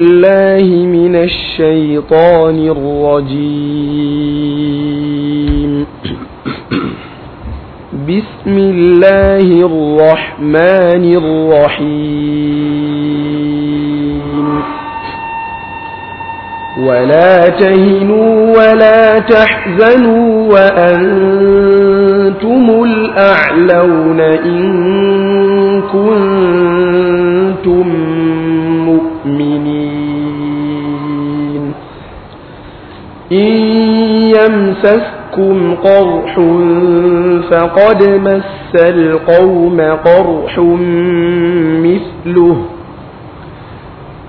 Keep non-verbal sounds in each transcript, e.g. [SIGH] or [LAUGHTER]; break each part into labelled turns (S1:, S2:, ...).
S1: الله من الشيطان الرجيم بسم الله الرحمن الرحيم ولا تهنوا ولا تحزنوا وأنتم الأعلون إن كنتم إن يمسسكم قرح فقد مس القوم قرح مثله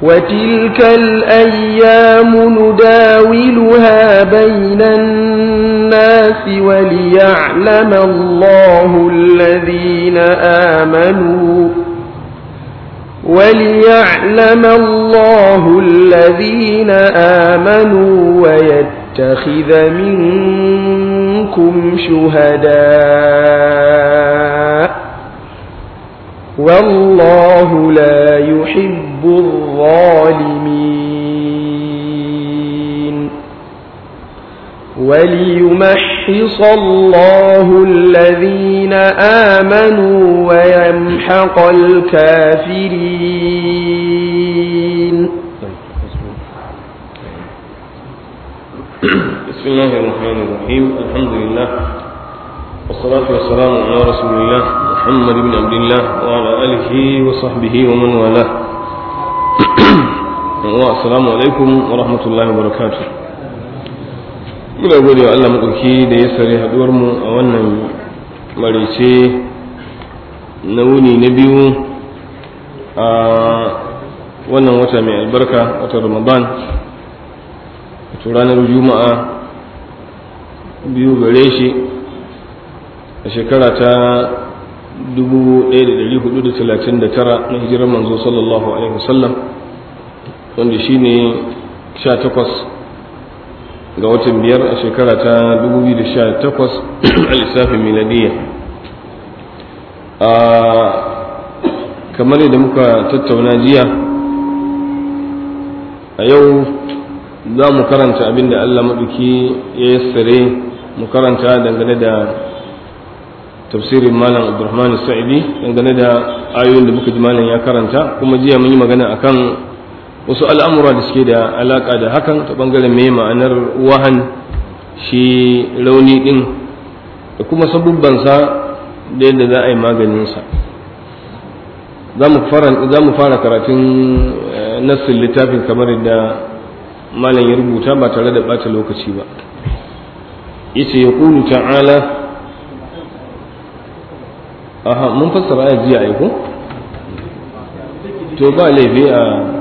S1: وتلك الأيام نداولها بين الناس وليعلم الله الذين آمنوا وليعلم الله الذين آمنوا ويتخذ منكم شهداء والله لا يحب الظالمين وليمحص الله الذين آمنوا ويمحق الكافرين
S2: بسم الله الرحمن الرحيم الحمد لله والصلاة والسلام على رسول الله محمد بن عبد الله وعلى آله وصحبه ومن والاه [CLEARS THROAT] السلام عليكم ورحمة الله وبركاته muna gode wa Allah maɗauki da ya sare haɗuwar mu a wannan marice na wuni na biyu a wannan wata mai albarka wata ramadan a ranar juma'a biyu gare shi a shekara ta 1439 na hijirar manzo sallallahu alaihi wasallam wanda shine 18 ga watan biyar a shekara ta 2018 [CLEARS THROAT] a lissafin miladiyya kamar yadda muka tattauna jiya a yau za mu karanta abinda allah maɗuki ya yassare mu karanta dangane da
S1: tafsirin malam abdulrahman
S2: sa'idi dangane da ayoyin da muka ji malam ya karanta kuma jiya mun yi magana akan wasu al'amura da suke da alaƙa da hakan ta bangaren mai ma'anar wahan shi rauni ɗin da kuma sabubbansa da yadda za a yi maganinsa za mu fara karatun eh, nassin littafin kamar yadda malam ya rubuta ba tare da bata lokaci ba yace ya ƙulu ta'ala aha mun fassara ayat jiya to ba laifi a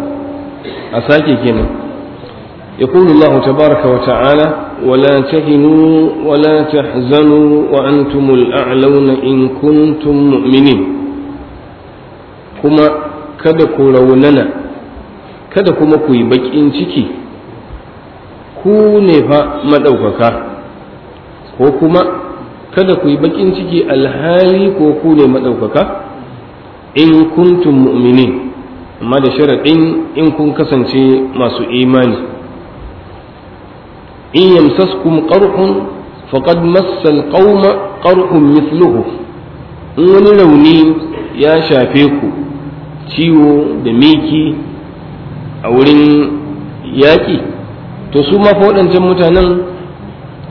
S2: a sake kenan ya ta يقول الله تبارك وتعالى ولا تهنوا ولا تحزنوا وأنتم alauna in كنتم مؤمنين kuma kada ku raunana kada kuma ku yi baƙin ciki ku ne fa maɗaukaka ko kuma kada ku yi baƙin ciki alhali ko ku ne maɗaukaka in kuntum mu'minin amma da sharaɗin in kun kasance masu imani in yamsaskum qarhun faqad massal alqauma qarhun mithluhu in wani rauni ya shafe ku ciwo da miki a wurin yaƙi to su ma waɗancan mutanen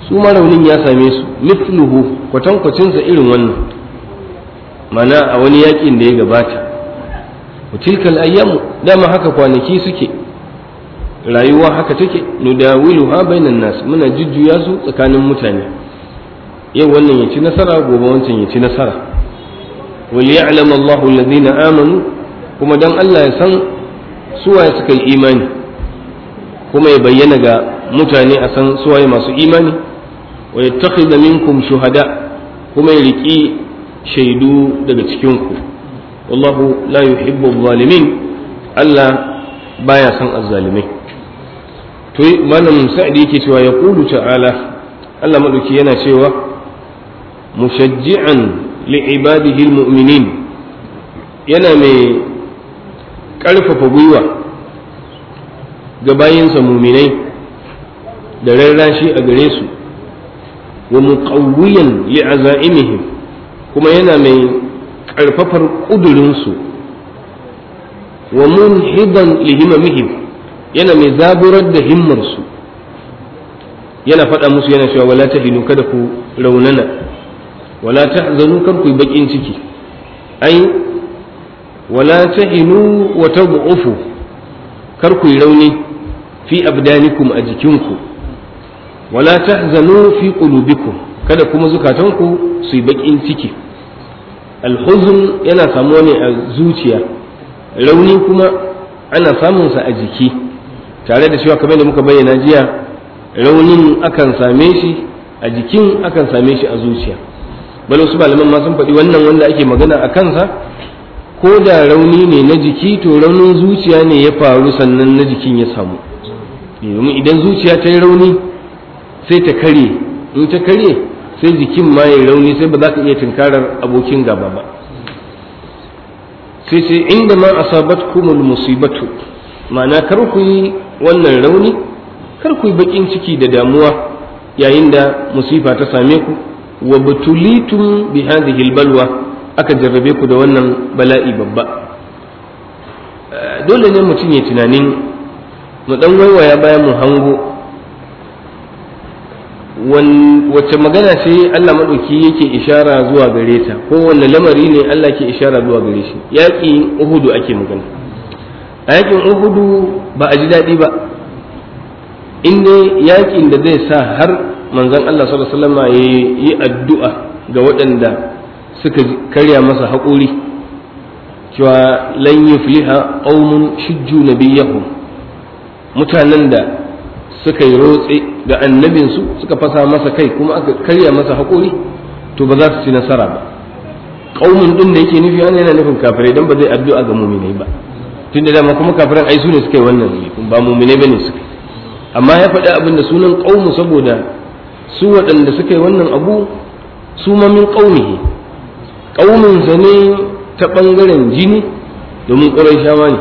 S2: su ma raunin ya same su mithluhu kwatankwacinsa irin wannan mana a wani yaƙin da ya gabata wa tilkal ayyamu dama haka kwanaki suke rayuwa haka take ha bainan nas muna jujjuya su tsakanin mutane yau wannan ya ci nasara gobe wancan ya ci nasara wal ya'lam Allahu alladhina amanu kuma dan Allah ya san waye suka yi imani kuma ya bayyana ga mutane a san waye masu imani wa yattakhidha minkum shuhada kuma ya riki shaidu daga cikinku ku wallahu la yuhibbu zalimin Allah baya son azzalimai to malam sa'idi yake cewa ya kulu ta'ala Allah madauki yana cewa mushajji'an li'ibadihi almu'minin yana mai ƙarfafa gwiwa ga bayinsa muminai da rarrashi a gare su wa muqawwiyan li'azaimihim kuma yana mai ƙarfafar ƙudurinsu wa mun lihima lihimamihim yana mai zaburar da himmarsu yana faɗa musu yana cewa wala hinu, kada ku raunana wala zanu kar ku bakin ciki ai wala hinu wa tad'ufu kar ku rauni fi abdanikum a jikinku wala zanu fi qulubikum kada kuma zukatanku su yi bakin ciki alhuzun yana samuwa ne a zuciya rauni kuma ana samunsa a jiki tare da cewa kamar da muka bayyana jiya raunin akan same shi a jikin akan same shi a zuciya bal su malaman ma sun faɗi wannan wanda ake magana a kansa ko da rauni ne na jiki to raunin zuciya ne ya faru sannan na jikin ya samu eh, domin idan zuciya ta yi rauni sai ta karye in ta karye sai jikin ma ya rauni sai ba za ka iya tunkarar abokin gaba ba sai sai inda ma asabat kumul musibatu ma'ana kar ku yi wannan rauni kar ku yi bakin ciki da damuwa yayin da musifa ta same ku wa batulitum bi hadhihi balwa aka jarrabe ku da wannan bala'i babba eh, dole ne mutum ya tunanin mu dan waiwaya bayan mu hango wacce magana ce Allah maɗauki yake ishara zuwa gare ta ko wanne lamari ne Allah ke ishara zuwa gare shi yaƙin uhudu ake magana a yaƙin uhudu ba a ji daɗi ba inda yaƙin da zai sa har manzon Allah sallallahu alaihi ya yi addu'a ga waɗanda suka karya masa haƙuri cewa lan yufliha qaumun shujju nabiyahum mutanen da suka yi rotse ga annabinsu suka fasa masa kai kuma aka karya masa haƙori to ba za su ci nasara ba ƙaunin ɗin da yake nufi wani yana nufin kafirai don ba zai addu'a ga muminai ba tunda dama kuma kafirai ai su ne suka yi wannan zuwa ba muminai ba ne suka amma ya faɗi abin da sunan ƙaunin saboda su waɗanda suka yi wannan abu su ma min ne. ƙauminsa ne ta ɓangaren jini domin ƙurai shawa ne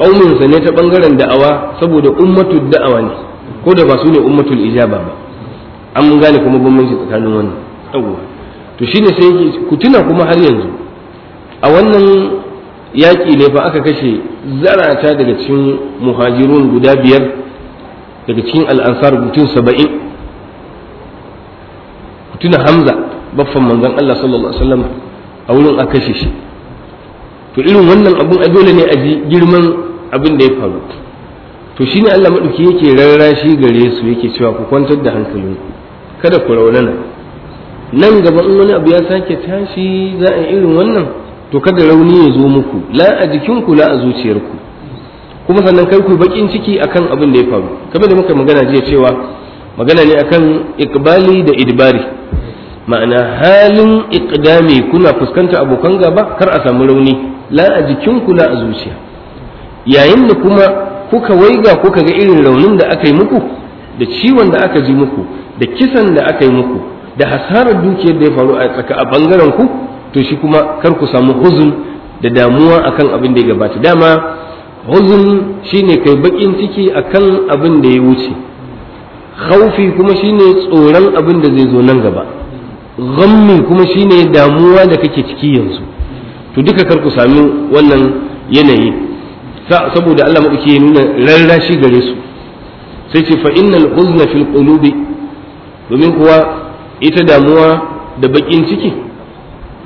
S2: ƙauminsa ne ta ɓangaren da'awa saboda ummatu da'awa ne ko da ba su ne ummatul ijaba ba an mun gane kuma bambanci tsakanin wannan yawwa to shine sai ku tuna kuma har yanzu a wannan yaƙi ne fa aka kashe zarata daga cikin muhajirun guda biyar daga cikin al'ansar mutum saba'in ku tuna hamza baffan manzon Allah sallallahu alaihi wasallam a wurin aka kashe shi to irin wannan abun a dole ne a ji girman abin da ya faru to shi ne Allah madauki yake rarrashi gare su yake cewa ku kwantar da hankalinku kada ku raunana nan gaba in wani abu ya sake tashi za a irin wannan to kada rauni ya zo muku la a jikinku la a zuciyarku kuma sannan kai ku bakin ciki akan abin da ya faru kamar da muka magana jiya cewa magana ne akan ikbali da idbari ma'ana halin iqdami kuna fuskanta abokan gaba kar a samu rauni la a jikinku la a zuciya yayin da kuma kuka waiga kuka ga irin raunin da aka yi muku da ciwon da aka ji muku da kisan da aka yi muku da hasarar dukiyar da ya faru a tsaka a bangaren ku to shi kuma kar ku samu huzun da damuwa akan abin da ya gabata dama huzun shine kai bakin ciki akan abin da ya wuce khaufi kuma shine tsoron abin da zai zo nan gaba ghammi kuma shine damuwa da kake ciki yanzu to duka kar ku sami wannan yanayi saboda Allah maɗauki ya nuna rarrashi gare su sai ce fa innal huzna fil qulubi domin kuwa ita damuwa da bakin ciki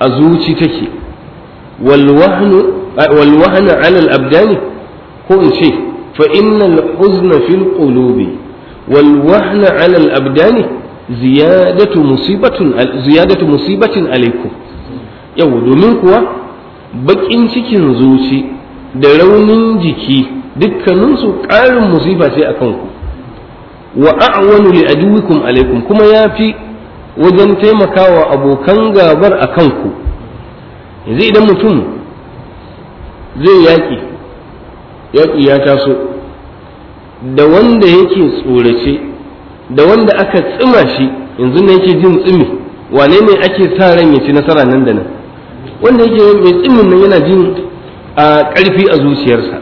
S2: a zuci take wal wahnu ala al abdani ko in ce fa innal huzna fil qulubi wal wahna ala al abdani ziyadatu musibatun ziyadatu musibatin alaikum yau domin kuwa bakin cikin zuci da raunin jiki dukkaninsu ƙarin musifa sai a kanku wa a'wanu li aduwikum alaikum kuma ya fi wajen taimakawa abokan gabar a kanku yanzu idan mutum zai yaƙi yaƙi ya taso da wanda yake tsorace da wanda aka tsima shi yanzu ne yake jin tsimi wane ne ake sa ran ya ci nasara nan da nan wanda yake mai tsimin nan yana jin a ƙarfi a zuciyarsa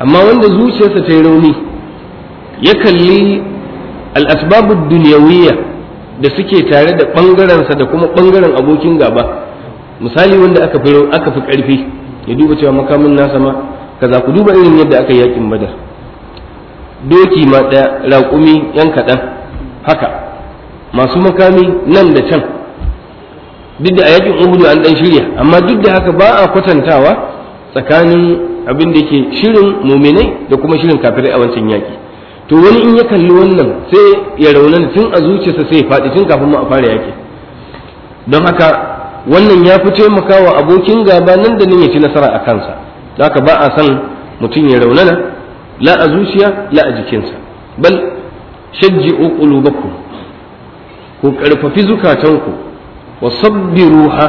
S2: amma wanda zuciyarsa ta yi rauni ya kalli al'asbabin duniyawiyya da suke tare da ɓangarensa da kuma ɓangaren abokin gaba misali wanda aka fi aka ƙarfi ya duba cewa makamin nasa ma kaza ku duba irin yadda aka yakin badar doki ma ɗaya raƙumi yan kaɗan haka masu makami nan da can duk da a yakin uhudu an ɗan shirya amma duk da haka ba a kwatantawa tsakanin abin da yake shirin muminai da kuma shirin kafirai a wancan yaki to wani in ya kalli wannan sai ya raunana tun a zuciyarsa sai ya faɗi tun kafin mu a fara yaki don haka wannan ya fi taimakawa abokin gaba nan da nan ya ci nasara a kansa haka ba a san mutum ya raunana la a zuciya la a jikinsa bal shajji qulubakum ku karfafi zukatanku wa sabbiruha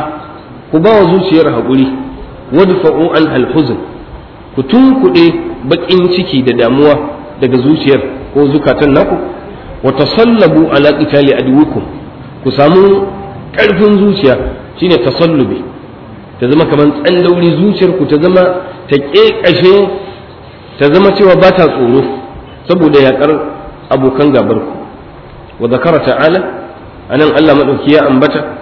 S2: ku ba wa zuciyar haƙuri wadfa'u an alhuzun ku tunkuɗe baƙin ciki da damuwa daga zuciyar ko zukatan naku wa tasallabu ala qitali adwikum ku samu ƙarfin zuciya shine tasallubi ta zama kamar tsallauri zuciyar ku ta zama ta ƙeƙashe ta zama cewa ba ta tsoro saboda yaƙar abokan gabar ku wa zakara ta'ala anan Allah madauki ya ambata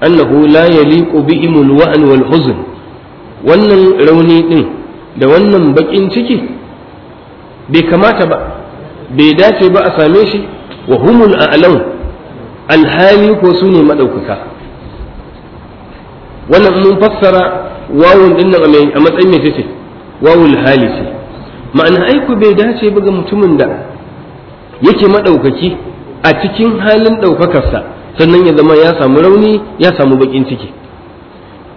S2: annahu la yaliqu bi imul wa'an wal huzn wannan rauni ɗin da wannan baƙin ciki bai kamata ba bai dace ba a same shi wa humul a'lam alhali ko su ne maɗaukaka wannan mun fassara wawun ɗin nan a matsayin mai ce wawul hali ce ma'ana aiku bai dace ba ga mutumin da yake maɗaukaki a cikin halin ɗaukakarsa sannan ya zama ya samu rauni ya samu baƙin ciki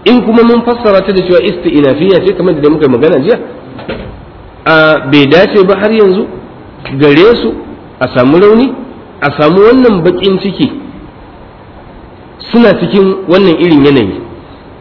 S2: in kuma mun fassara ta da cewa isti'nafiya ce kamar da muka magana jiya a bai dace ba har yanzu gare su a samu rauni a samu wannan bakin ciki suna cikin wannan irin yanayi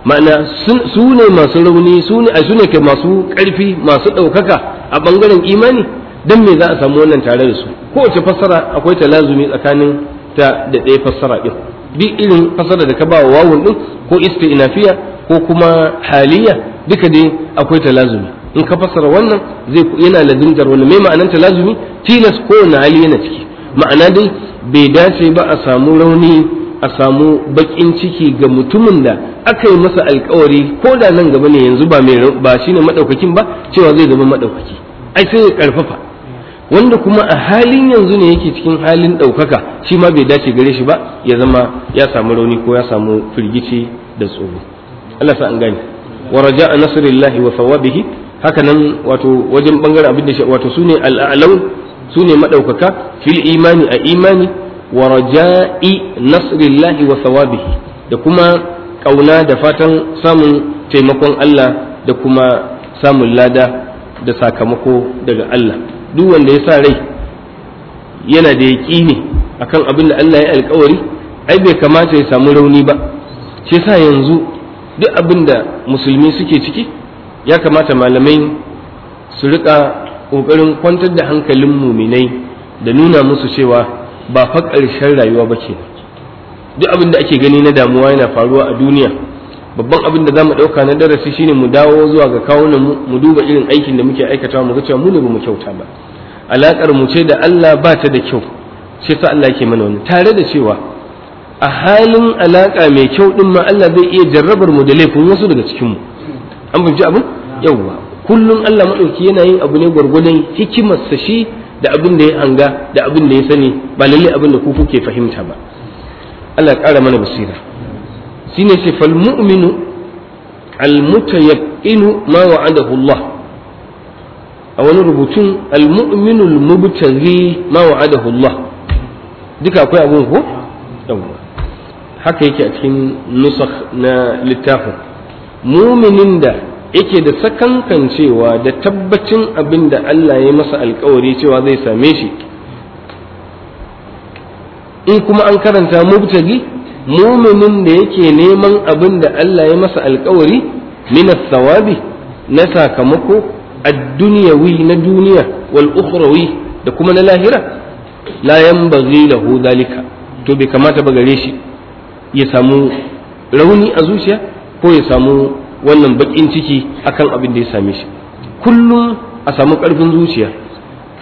S2: ma'ana su ne masu rauni su ne su ne masu ƙarfi masu ɗaukaka a ɓangaren imani don me za a samu wannan tare da su kowace fassara akwai talazumi tsakanin ta da ɗaya fassara ɗin duk irin fassara da ka ba wa wawun ɗin ko isti'nafiya ko kuma haliya duka dai akwai talazumi in ka fassara wannan zai yana lazimtar wani mai ma'anan talazumi tilas ko na hali yana ciki ma'ana dai bai dace ba a samu rauni a samu bakin ciki ga mutumin da aka yi masa alkawari ko da nan gaba ne yanzu ba mai ba shine madaukakin ba cewa zai zama madaukaki ai sai ya karfafa wanda kuma a halin yanzu ne yake cikin halin ɗaukaka shi ma bai dace gare shi ba ya zama ya samu rauni ko ya samu firgici da tsoro Allah sa an gane wa raja'a nasrillahi wa thawabihi haka nan wato wajen bangaren abin da shi wato sune al'alau sune madaukaka fil imani a imani wa raja'i nasrillahi wa thawabihi da kuma kauna da fatan samun taimakon Allah da kuma samun lada da sakamako daga Allah duk wanda ya sa rai yana da ne akan abin da Allah ya alkawari ai bai kamata ya samu rauni ba shi yasa yanzu duk abin da musulmi suke ciki ya kamata malamai su rika ƙoƙarin kwantar da hankalin muminai da nuna musu cewa ba fa ƙarshen rayuwa ba ke duk abin da ake gani na damuwa yana faruwa a duniya babban abin da za mu ɗauka na darasi shine mu dawo zuwa ga kawunan mu duba irin aikin da muke aikata mu ga cewa mu ne ba mu kyauta ba alaƙar mu ce da Allah ba ta da kyau shi sa Allah yake mana wani tare da cewa a halin alaƙa mai kyau ɗin ma Allah zai iya jarrabar mu da laifin wasu daga cikin mu an fahimci abin yawwa kullum Allah madauki yana yin abu ne gwargwadon sa shi da abin da ya hanga da abin da ya sani ba lalle abin da ku ke fahimta ba Allah ƙara mana basira shine ce fal mu'minu al mutayaqqinu ma wa'adahu Allah a wani rubutun al mu'minu al mubtazi ma wa'adahu Allah duka akwai abun ko yawwa haka yake a cikin nusakh na littafin muminin da yake da sakankancewa da tabbacin abin da Allah ya masa alkawari cewa zai same shi in kuma an karanta mubtagi muminin da yake neman abin da Allah ya masa alkawari min thawabi na sakamako ad-dunyawi na duniya wal ukhrawi da kuma na lahira la yanbaghi lahu dalika to bai kamata ba gare shi ya samu rauni a zuciya ko ya samu wannan bakin ciki akan abin da ya same shi kullum a samu karfin zuciya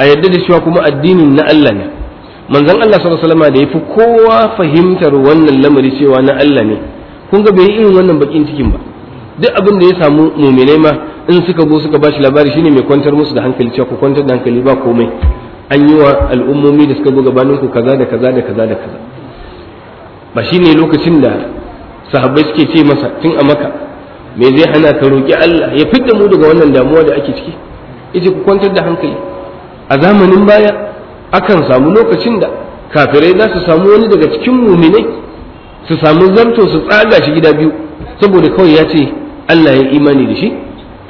S2: a yadda da cewa kuma addinin na Allah ne manzon Allah sallallahu alaihi wasallam da yafi kowa fahimtar wannan lamari cewa na Allah ne kun ga bai irin wannan bakin cikin ba duk abin da ya samu muminai ma in suka zo suka bashi labari shine mai kwantar musu da hankali cewa ku kwantar da hankali ba komai an yi wa al'ummomi da suka zo gabanin ku kaza da kaza da kaza da kaza ba shi ne lokacin da sahabbai suke ce masa tun a maka me zai hana ka roƙi Allah ya fidda mu daga wannan damuwa da ake ciki yace ku kwantar da hankali a zamanin baya akan samu lokacin da kafirai za su samu wani daga cikin muminai su samu zarto su tsaga shi gida biyu saboda kawai ya ce Allah ya imani da shi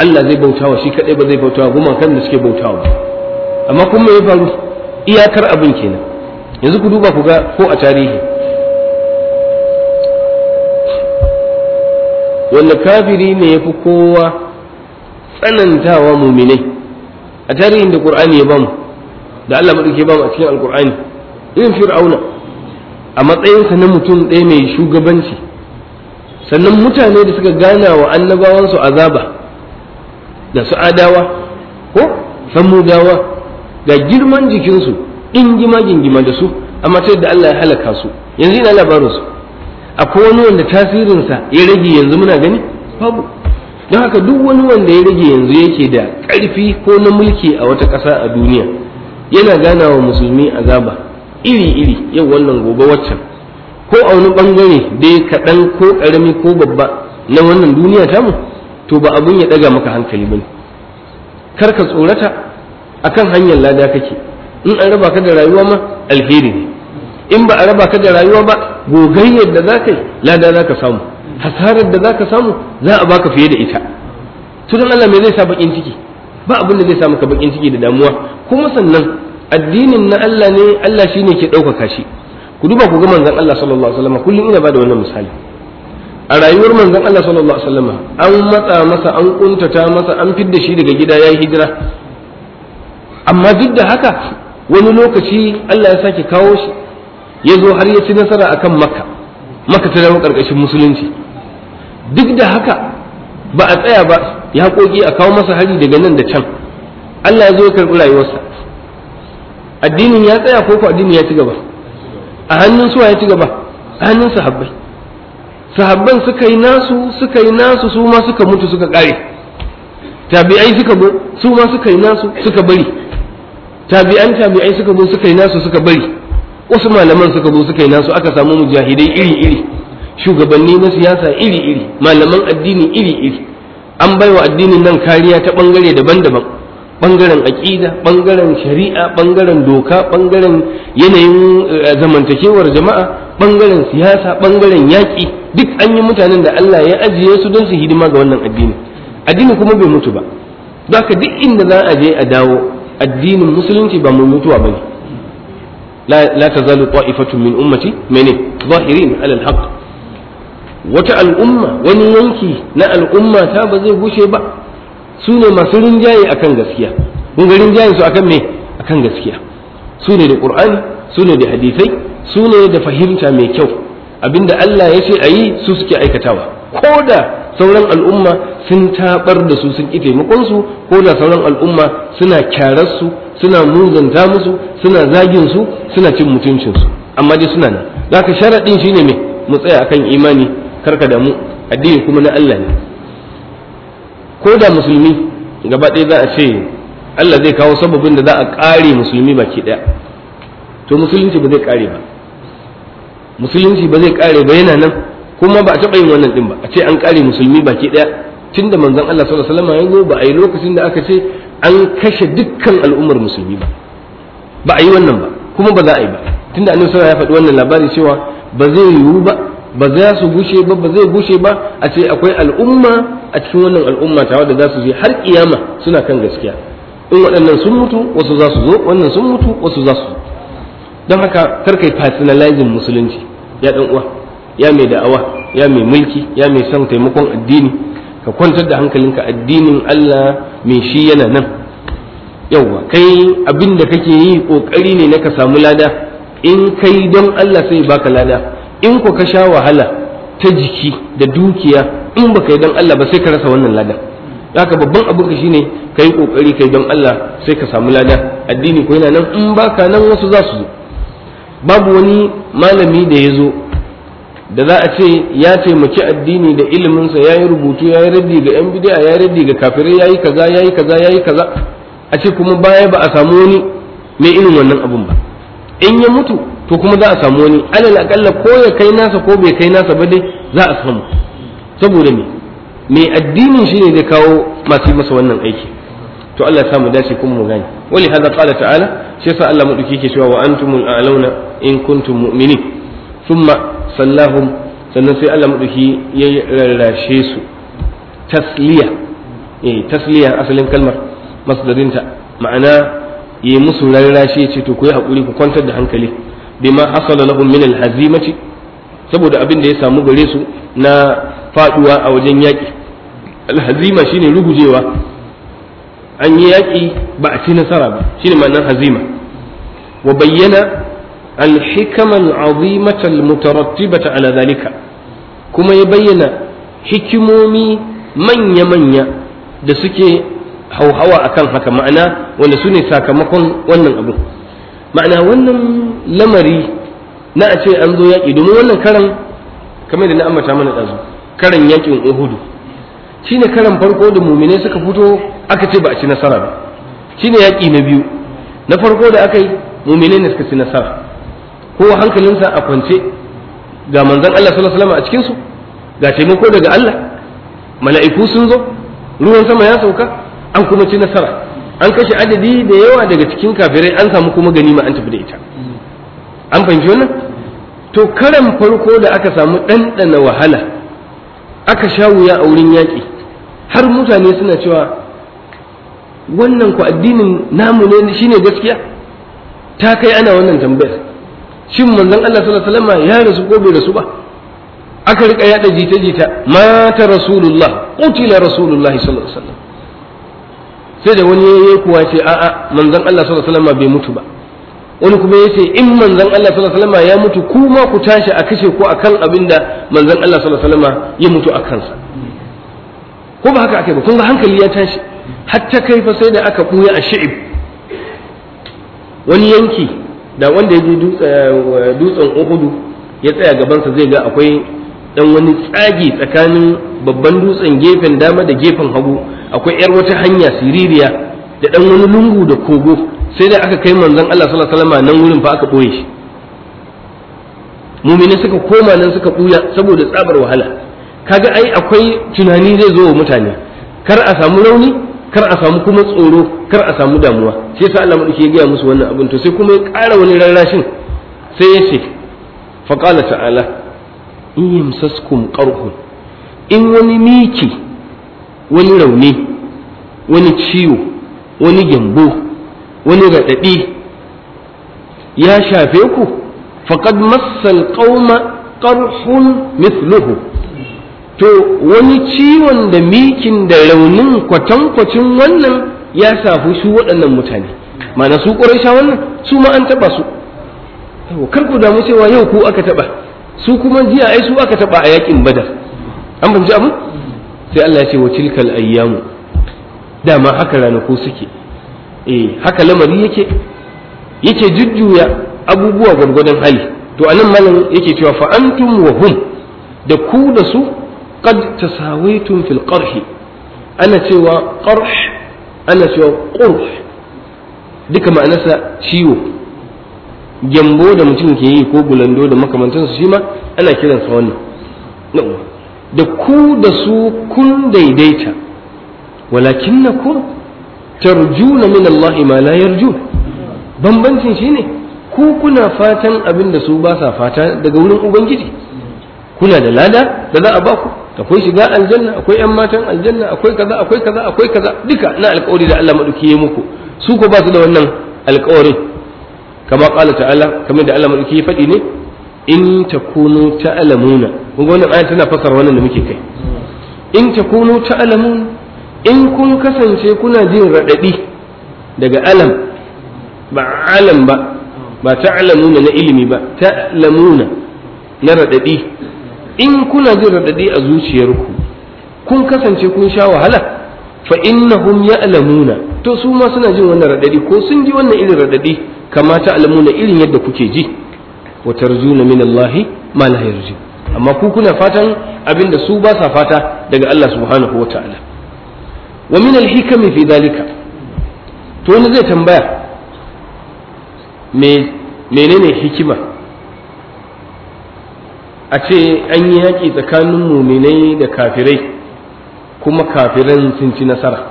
S2: Allah zai bautawa shi kadai ba zai bautawa kan da suke bautawa amma kuma ya faru iyakar abin kenan yanzu ku duba ku ga ko a tarihi wanda kafiri ne ya fi kowa tsanantawa muminai a tarihin da ƙur'ani ya bamu da Allah maɗauke bamu a cikin alƙur'ani irin fir'auna a matsayinsa na mutum ɗaya mai shugabanci sannan mutane da suka gana wa annabawansu azaba da su adawa ko samudawa ga girman jikinsu ingima gingima da su amma sai da Allah ya halaka su yanzu ina labarinsu akwai wani wanda tasirinsa ya rage yanzu muna gani babu don haka duk wani wanda ya rage yanzu yake da ƙarfi ko na mulki a wata ƙasa a duniya yana gana wa musulmi azaba iri-iri yau wannan gobe waccan ko a wani ɓangare dai kaɗan ko ƙarami ko babba na wannan duniya tamu to ba abun ya ɗaga maka hankali bane kar ka tsorata akan hanyar lada kake in an raba ka da rayuwa ma alheri ne in ba a raba ka da rayuwa ba gogayyar da za ka yi lada za ka samu hasarar da za ka samu za a baka fiye da ita tunan Allah me zai sa bakin ciki ba abin da zai sa maka bakin ciki da damuwa kuma sannan addinin na Allah ne Allah shine ke ɗaukaka shi ku duba ku ga manzon Allah sallallahu alaihi wasallam kullum ina bada wannan misali a rayuwar manzon Allah sallallahu alaihi wasallam an matsa masa an kuntata masa an fidda shi daga gida yayi hijira amma duk da haka wani lokaci Allah ya sake kawo shi ya zo har ya ci nasara a kan makka makka ta dawo ƙarƙashin musulunci duk da haka ba a tsaya ba ya koki a kawo masa hari daga nan da can Allah ya zo ya karɓi rayuwarsa addinin ya tsaya ko ko addinin ya ci gaba a hannun suwa ya ci gaba a hannun sahabbai sahabban suka yi nasu suka yi nasu su ma suka mutu suka ƙare tabi'ai suka zo su ma suka yi nasu suka bari tabi'an tabi'ai suka zo suka yi nasu suka bari wasu malaman suka zo suka yi nasu aka samu mujahidai iri-iri shugabanni na siyasa iri-iri malaman addini iri-iri an baiwa addinin nan kariya ta bangare daban-daban bangaren aƙida bangaren shari'a bangaren doka bangaren yanayin eh, zamantakewar jama'a bangaren siyasa bangaren yaƙi duk an yi mutanen da Allah ya ajiye su don su hidima ga wannan addini addini kuma bai mutu ba haka duk inda za a je a dawo addinin musulunci ba mu mutuwa ba bane la tazalu ta'ifatun min ummati mene zahirin ala alhaq wata al'umma wani yanki na al'umma ta ba zai bushe ba su ne masu rinjaye akan gaskiya mun ga su akan me akan gaskiya su da qur'ani su da hadisai sune da fahimta mai kyau abinda Allah ya ce ayi su suke aikatawa ko da sauran al'umma sun taɓar da su sun ƙi taimakon su ko da sauran al'umma suna kyarar suna muzanta musu suna zagin su suna cin mutuncinsu, su amma dai suna nan zaka sharaɗin shine me mu tsaya akan imani karka da mu addini kuma na Allah ne ko da musulmi gaba ɗaya za a ce Allah zai kawo sababin da za a ƙare musulmi baki ɗaya to musulunci ba zai ƙare ba musulunci ba zai ƙare ba yana nan kuma ba a taɓa yin wannan ɗin ba a ce an ƙare musulmi baki ɗaya da manzon Allah sallallahu alaihi wasallam ya zo ba a yi lokacin da aka ce an kashe dukkan al'ummar musulmi ba ba a yi wannan ba kuma ba za a yi ba tunda annabi sallallahu ya faɗi wannan labari cewa ba zai yiwu ba ba za su gushe ba ba zai gushe ba a ce akwai al'umma a cikin wannan al'umma tawa da za su je har kiyama suna kan gaskiya in waɗannan sun mutu wasu za su zo wannan sun mutu wasu za su don haka karkai personalizing musulunci ya ɗan uwa ya mai da'awa ya mai mulki ya mai son taimakon addini ka kwantar da hankalinka addinin Allah mai shi yana nan yauwa kai abin da kake yi kokari ne na ka samu lada in kai don Allah sai baka lada in ko ka sha wahala ta jiki da dukiya in baka yi don Allah ba sai ka rasa wannan lada haka babban abin ka shine kai kokari kai don Allah sai ka samu lada addini ko yana nan in baka nan wasu za su zo babu wani malami da ya zo da za a ce ya taimaki addini da iliminsa ya yi rubutu ya yi raddi ga yan bidiya ya yi raddi ga kafirai ya yi kaza ya yi kaza ya yi kaza a ce kuma baya ba a samu wani mai irin wannan abun ba in ya mutu to kuma za a samu wani alal akalla ko ya kai nasa ko bai kai nasa ba dai za a samu saboda me mai addinin shi ne zai kawo masu masa wannan aiki to Allah ya samu dace kuma mu gane wali hada qala ta'ala shi yasa Allah mu madauki yake cewa wa antumul a'launa in kuntum mu'minin thumma sallahum sannan sai Allah madauki ya rarrashe su tasliya eh tasliya asalin kalmar masdarinta ma'ana yi musu rarrashe ce to ku yi hakuri ku kwantar da hankali bima hasala lahum min alhazimati saboda abin da ya samu gare su na faduwa a wajen yaki alhazima shine rugujewa an yi yaki ba a ci nasara ba shine ma'anar hazima wa bayyana الحكم العظيمة المترتبة Kuma ya bayyana hikimomi manya-manya da دسكي hauhawa akan haka ma'ana wanda su ne sakamakon wannan abu ma'ana wannan lamari na a ce an zo yaƙi domin wannan karan kamar da na ambata mana ɗazu karan yaƙin uhudu shi ne karan farko da mumine suka fito aka ce ba a ci nasara ba shi ne yaƙi na biyu na farko da akai, yi mumine ne suka ci nasara Ko hankalinsa a kwance ga manzon Allah sallallahu alaihi wasallam a cikin su ga taimako daga Allah mala'iku sun zo ruwan sama ya sauka an kuma ci nasara an kashe adadi da yawa daga cikin kafirai an samu kuma ganima an tafi da ita an fahimci wannan to karan farko da aka samu ɗanɗana wahala aka sha wuya a wurin yaƙi har mutane suna cewa wannan ku addinin namu ne shine gaskiya ta kai ana wannan tambayar shin manzon Allah sallallahu alaihi wasallam ya rasu ko bai rasu ba aka rika yada jita-jita mata rasulullah qutila rasulullah sallallahu alaihi wasallam sai da wani yayi kuwa ce a'a manzon Allah sallallahu alaihi wasallam bai mutu ba wani kuma ya ce in manzon Allah sallallahu alaihi wasallam ya mutu kuma ku tashi a kashe ko akan abin da manzon Allah sallallahu alaihi wasallam ya mutu a kansa ko ba haka ake ba kun ga hankali ya tashi hatta kai fa sai da aka buya a shi'ib wani yanki da wanda ya je eh, dutsen uhudu ya tsaya gabansa zai ga akwai ɗan wani tsagi tsakanin babban dutsen gefen dama da gefen hagu akwai yar wata hanya siririya da ɗan wani lungu da kogo sai da aka kai manzon Allah sallallahu alaihi wasallam nan wurin fa aka boye shi mumini suka koma nan suka buya saboda tsabar wahala kaga ai akwai tunani zai zo wa mutane kar a samu rauni kar a samu kuma tsoro kar a samu damuwa shi yasa Allah madauki ya gaya musu wannan abin to sai kuma ya ƙara wani rarrashin sai ya ce fa qala ta'ala in yamsaskum qarhun in wani miki wani rauni wani ciwo wani gyambo wani raɗaɗi ya shafe ku faqad massal qauma qarhun mithluhu to wani ciwon da mikin da raunin kwatankwacin wannan ya safu su waɗannan mutane mana su ƙuraisha wannan su ma an taɓa su kar ku damu cewa yau ku aka taɓa su kuma jiya ai su aka taɓa a yakin badar an banci abu sai Allah ya ce wa tilkal ayyamu dama haka ranaku suke eh haka lamari yake yake jujjuya abubuwa gwargwadon hali to anan malam yake cewa fa antum wa hum da ku da su qad tasawaytum fil qarhi ana cewa qarh ana cewa qurh duka ma'anarsa ciwo gyambo da mutum ke yi ko bulando da makamantansu shi ma ana kiransa wannan na'uwa da ku da su kun daidaita walakin na ku na min Allah ma la yarju bambancin shine ku kuna fatan abin da su ba sa fata daga wurin ubangiji kuna da lada da za a ba ku akwai shiga aljanna akwai yan matan aljanna akwai kaza akwai kaza akwai kaza duka na alƙawari da Allah madauki ya muku su ko ba su da wannan alƙawarin kama qala ta'ala kamar da Allah madauki ya faɗi ne in takunu ta'lamuna kun ga wannan aya tana fasara wannan da muke kai in takunu ta'lamun in kun kasance kuna jin radadi daga alam ba alam ba ba ta'lamuna na ilimi ba ta'lamuna na radadi in kuna jin raɗaɗi a zuciyarku kun kasance kun sha wahala fa innahum ya'lamuna to su ma suna jin wannan raɗaɗi ko sun ji wannan irin raɗaɗi kamata ta alamuna irin yadda kuke ji wa tarjuna min Allah ma la yarji amma ku kuna fatan abinda su ba sa fata daga Allah subhanahu wa ta'ala wa min al-hikami fi dalika to wani zai tambaya menene hikima a ce an yi yaƙi tsakanin muminai da kafirai kuma kafiran sun ci nasara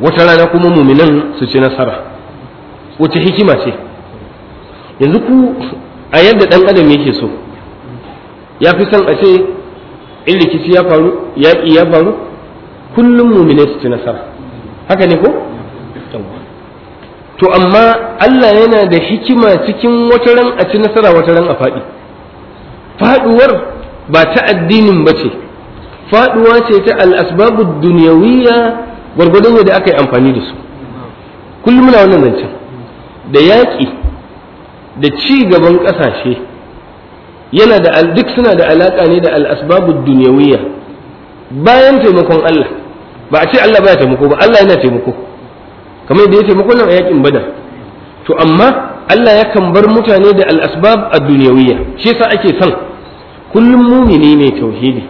S2: wata rana kuma muminan su ci nasara wace hikima ce yanzu ku a yadda ɗan adam yake so ya fi son a ce in rikici ya faru yaƙi ya faru kullum muminai su ci nasara haka ne ko to amma Allah yana da hikima cikin wata ran a ci nasara wata ran a faɗi faduwar ba ta addinin ba ce faduwa ce ta al'asbabu duniyawiyya gwargwadon yadda aka yi amfani da su kullum na wannan zancen da yaƙi da ci gaban ƙasashe yana da duk suna da alaƙa ne da al'asbabu duniyawiyya bayan taimakon Allah ba a ce Allah baya taimako ba Allah yana taimako kamar da ya taimako nan a yaƙin badar to amma Allah ya kan bar mutane da al'asbab a duniyawiyya shi yasa ake son kullum mumini mai tauhidi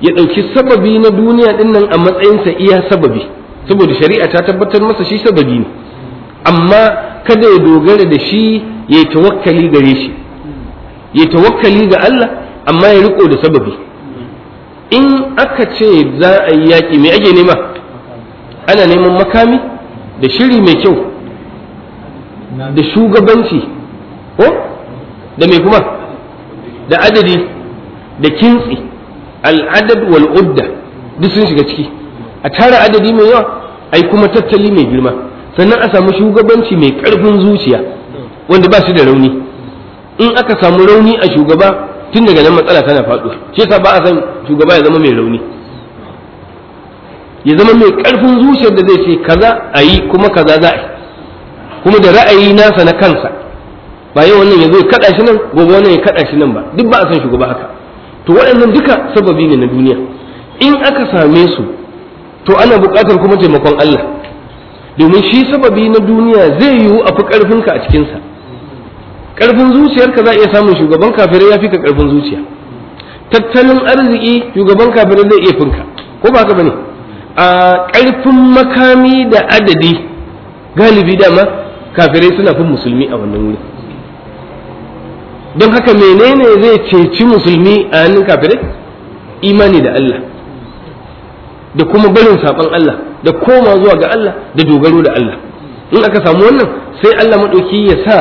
S2: ya ɗauki sababi na duniya ɗin nan a matsayinsa iya sababi saboda shari'a ta tabbatar masa shi sababi ne amma kada ya dogara da shi ya yi tawakkali gare shi ya yi tawakkali ga Allah amma ya riko da sababi in aka ce za a yi yaƙi me ake nema ana neman makami da shiri mai kyau da shugabanci ko da mai kuma da adadi da kintsi al'adad wal udda duk sun shiga ciki a tara adadi mai yawa ai kuma tattali mai girma sannan a samu shugabanci mai karfin zuciya wanda ba shi da rauni in aka samu rauni a shugaba tun daga nan matsala tana faɗuwa shi yasa ba a san shugaba ya zama mai rauni ya zama mai karfin zuciyar da zai ce kaza a yi kuma kaza za a yi kuma da ra'ayi nasa na kansa ba yau wannan ya zo ya shi nan gobe wannan ya kada shi nan ba duk ba a san shugaba haka to waɗannan duka sababi ne na duniya in aka same su to ana buƙatar kuma taimakon Allah domin shi sababi na duniya zai yiwu a fi ƙarfinka a cikinsa ƙarfin zuciyarka za a iya samun shugaban kafirai ya fi ka ƙarfin zuciya tattalin arziki shugaban kafirai zai iya finka ko ba haka bane a ƙarfin makami da adadi galibi dama kafirai suna fin musulmi a wannan wuri don haka menene zai ceci musulmi a hannun kafirai imani da Allah da kuma barin saɓon Allah da koma zuwa ga Allah da dogaro da Allah in aka samu wannan sai Allah maɗauki ya sa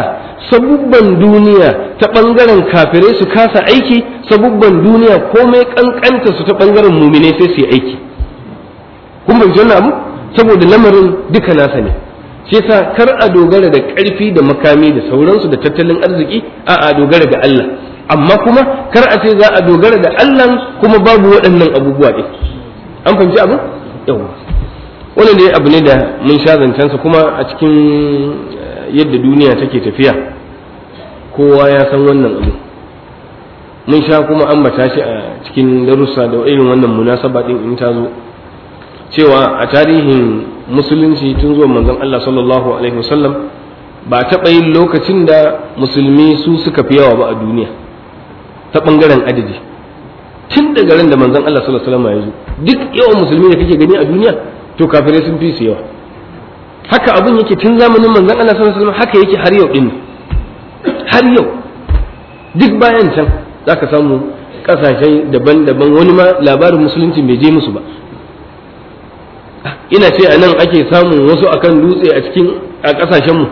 S2: sabubban duniya ta ɓangaren kafirai su kasa aiki sabubban duniya komai ƙanƙanta su ta ɓangaren mumine sai su yi aiki kun bai mu saboda lamarin duka nasa ne shi yasa kar a dogara da ƙarfi da makami da sauransu da tattalin arziki a a dogara ga Allah amma kuma kar a ce za a dogara da Allah kuma babu waɗannan abubuwa ɗin an fahimci abin yawa wannan dai abu ne da mun sha zancensa kuma a cikin eh, yadda duniya take tafiya kowa ya san wannan abu
S1: mun sha kuma an bata shi a
S2: cikin darussa da irin wannan munasaba ɗin in ta zo cewa a tarihin musulunci tun zuwa manzon Allah sallallahu alaihi wasallam ba taɓa yin lokacin da musulmi su suka fi yawa ba a duniya ta ɓangaren adadi tun daga ran da manzon Allah sallallahu alaihi wasallam ya zo duk yawan musulmi da kake gani a duniya to kafirai sun fi su yawa haka abin yake tun zamanin manzon Allah sallallahu alaihi wasallam haka yake har yau din har yau duk bayan can zaka samu kasashe daban-daban wani ma labarin musulunci bai je musu ba ina ce anan ake samun wasu akan dutse a cikin a ƙasashenmu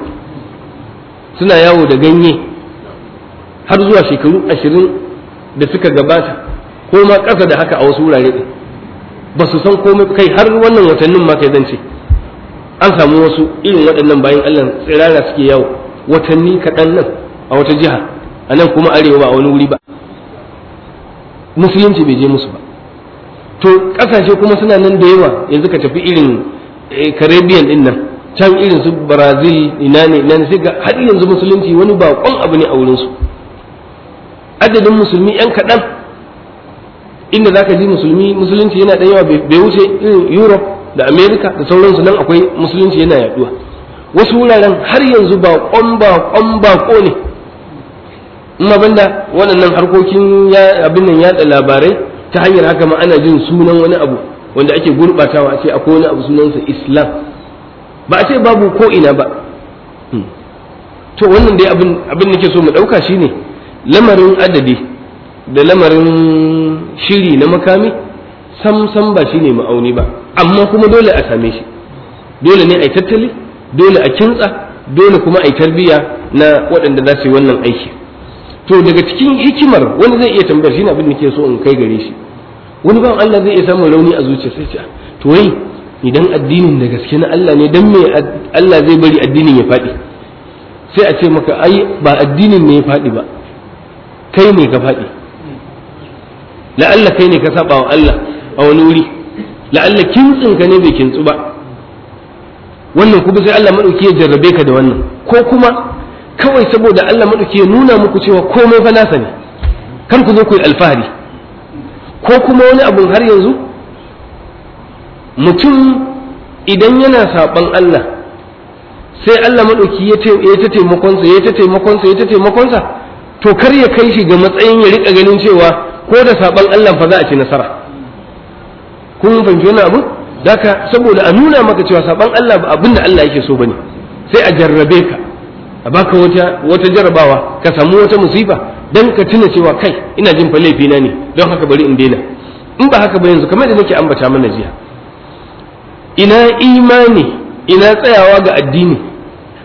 S2: suna yawo da ganye har zuwa shekaru ashirin da suka gabata ko ma ƙasa da haka a wasu wurare ba su san komai kai har wannan watannin ma kai zance an samu wasu irin waɗannan bayan allah tsirara suke yawo watanni kaɗan nan a wata jiha a nan kuma arewa ba a wani wuri ba musulunci bai je musu ba to kasashe kuma suna nan da yawa yanzu ka tafi irin eh, caribbean din nan can irin su brazil ina ne ina sai ga har yanzu musulunci wani baƙon abu ne a wurinsu. adadin musulmi yan kaɗan inda zaka ji musulmi musulunci yana da yawa bai wuce irin europe da america da sauransu nan akwai musulunci yana yaduwa wasu wuraren har yanzu baƙon baƙon baƙo ne in abinda waɗannan harkokin abin nan yaɗa labarai ta hanyar haka ma ana jin sunan wani abu wanda ake gurɓatawa a ce akwai wani abu sunansa islam ba a ce babu ko ina ba hmm. to wannan dai abin nake so mu ɗauka shine lamarin adadi da lamarin shiri na makami sam sam ba shine ma'auni ba amma kuma dole a same shi dole ne a yi tattali dole a kintsa dole kuma a yi tarbiyya na waɗanda za su yi wannan aiki to daga cikin hikimar wani zai iya tambayar shi na abin da ke so in kai gare shi wani ban Allah zai iya samun rauni a zuciya sai ce to wai idan addinin da gaske na Allah ne dan me Allah zai bari addinin ya faɗi sai a ce maka ai ba addinin ne ya faɗi ba kai ne ka faɗi la'alla kai ne ka saba wa Allah a wani wuri la'alla kintsin ka ne bai kintsu ba wannan kuma sai Allah madauki ya jarrabe ka da wannan ko kuma kawai saboda Allah maɗauki ya nuna muku cewa komai fa nasa ne kar ku zo ku yi alfahari ko kuma wani abun har yanzu mutum idan yana saɓan Allah sai Allah maɗauki ya ta taimakonsa ya ta taimakonsa ya ta taimakonsa to kar ya kai shi ga matsayin ya riƙa ganin cewa ko da saɓan Allah fa za a ci nasara kun fahimci wani abu daka saboda a nuna maka cewa saɓan Allah ba abin da Allah yake so ba ne, sai a jarrabe ka a baka wata wata jarabawa ka samu wata musifa dan ka tuna cewa kai ina jin fa laifina ne don haka bari in daina in ba haka ba yanzu kamar da muke ambata mana jiya ina imani ina tsayawa ga addini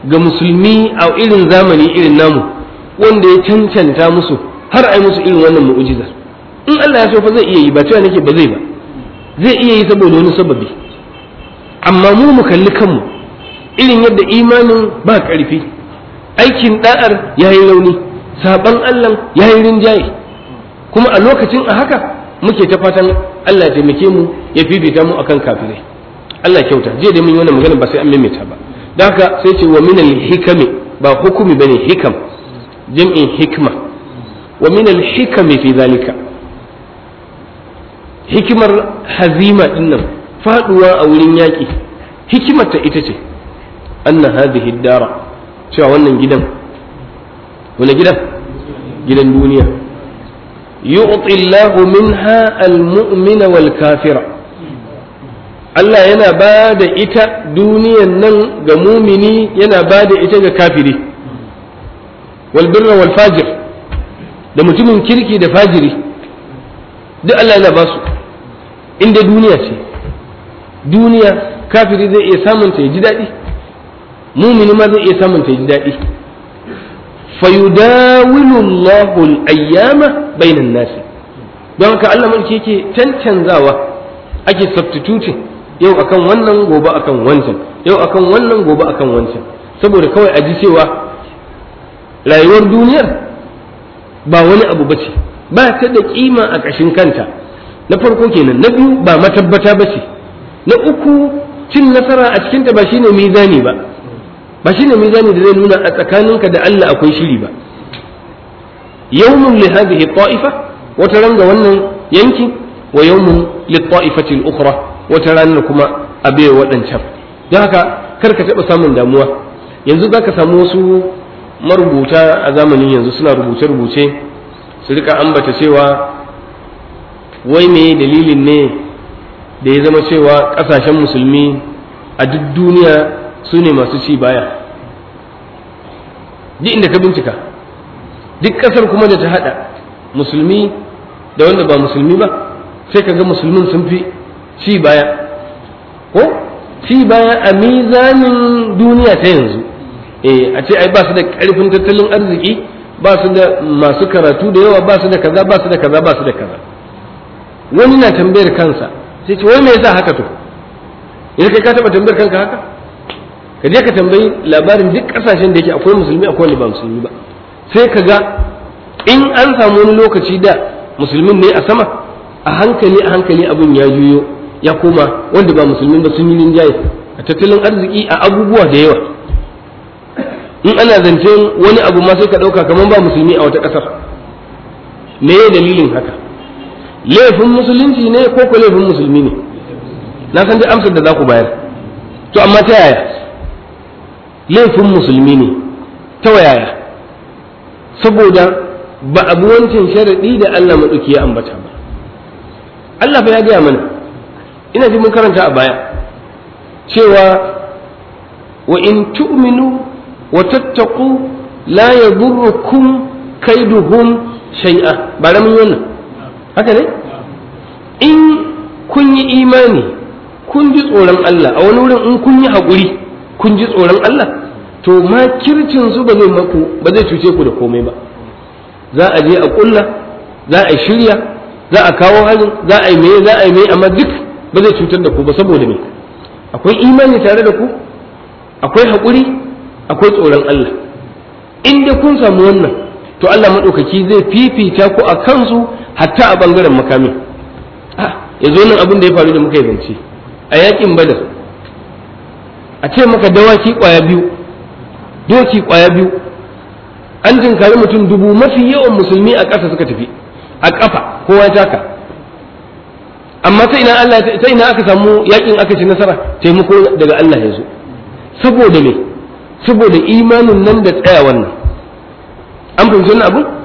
S2: ga musulmi a irin zamani irin namu wanda ya cancanta musu har ai musu irin wannan mu'ujizar in Allah ya so fa zai iya yi ba cewa nake ba zai ba zai iya yi saboda wani sababi amma mu mu kalli kanmu irin yadda imanin ba ƙarfi aikin da'ar ya yi rauni saban Allah ya yi rinjaye kuma a lokacin a haka muke ta fatan Allah ya taimake mu ya fifita mu akan kafirai Allah kyauta jiya da mun yi wannan magana ba sai an maimaita ba da haka sai ce wa minal hikami ba hukumi bane hikam jam'in hikma wa minal hikami fi zalika hikimar hazima ɗinnan faɗuwa a wurin yaƙi ta ita ce anna hadhihi dara cewa wannan gidan wani gidan gidan duniya yu'ti minha al-mu'mina wal kafira Allah yana ba da ita duniyan nan ga mumini yana ba da ita ga kafiri wal birra wal fajir da mutumin kirki da fajiri duk Allah yana ba su inda duniya ce duniya kafiri zai iya samunta ya ji daɗi mumini ma zai iya samun ta ji daɗi fayudawilu al-ayyama bainan nas don ka Allah mulki yake tantanzawa ake substituting yau akan wannan gobe akan wancan yau akan wannan gobe akan wancan saboda kawai a ji cewa rayuwar duniyar ba wani abu bace ba ta da kima a ƙashin kanta na farko kenan na biyu ba matabbata bace na uku cin nasara a cikinta ba shine mizani ba ba shi shine mizani da zai nuna a tsakaninka da Allah akwai shiri ba yawmun li hadhihi ta'ifa wata ran wannan yankin wa yawmun li ta'ifati al-ukhra wata ran kuma a bai wadancan don haka kar ka taɓa samun damuwa yanzu za ka samu wasu marubuta a zamanin yanzu suna rubuce rubuce su rika ambata cewa wai me dalilin ne da ya zama cewa ƙasashen musulmi a duk duniya su ne masu ci baya duk inda ka bincika duk ƙasar kuma da ta haɗa musulmi da wanda ba musulmi ba sai ka ga musulmin sun fi ci baya ko ci baya a mizanin duniya ta yanzu eh a ce ai ba su da ƙarfin tattalin arziki ba su da masu karatu da yawa ba su da kaza ba su da kaza ba su da kaza wani na tambayar kansa sai ce wai me yasa haka to idan kai ka taba tambayar kanka haka ka je ka tambayi labarin duk kasashen da yake akwai musulmi akwai wanda ba musulmi ba sai ka ga in an samu wani lokaci da musulmin ne a sama a hankali a hankali abin ya juyo ya koma wanda ba musulmin ba sun yi rinjaye a tattalin arziki a abubuwa da yawa in ana zancen wani abu ma sai ka ɗauka kamar ba musulmi a wata ƙasar me ya dalilin haka laifin musulunci ne ko ko laifin musulmi ne na san dai amsar da za ku bayar to amma ta yaya laifin musulmi ne ta wayaya saboda ba abu wancan sharaɗi da Allah maɗauki ya ambata ba Allah fa ya gaya mana ina ji mun karanta a baya cewa wa in tu'minu wa tattaqu la yadurrukum kaiduhum shay'a ba mun wannan haka ne in kun yi imani kun ji tsoron Allah a wani wurin in kun yi haƙuri kun ji tsoron Allah to kircin su ba zai maku ba zai cuce ku da komai ba za a je a kulla za a shirya za a kawo hannu, za a yi za a yi meye amma duk ba zai cutar da ku ba saboda me akwai imani tare da ku akwai haƙuri akwai tsoron Allah in dai kun samu wannan to Allah maɗaukaki zai fifita ku a kansu hatta a ɓangaren makami ah yanzu nan abin da ya faru da muka yi zance a yakin badar a ce maka dawaki kwaya biyu doki kwaya biyu an jinkari mutum dubu mafi yawan musulmi a ƙasa suka tafi a ƙafa kowa ya taka amma sai ina Allah sai ina aka samu yakin aka ci nasara taimako daga Allah ya zo saboda me saboda imanin nan da tsaya wannan an fahimci wannan abu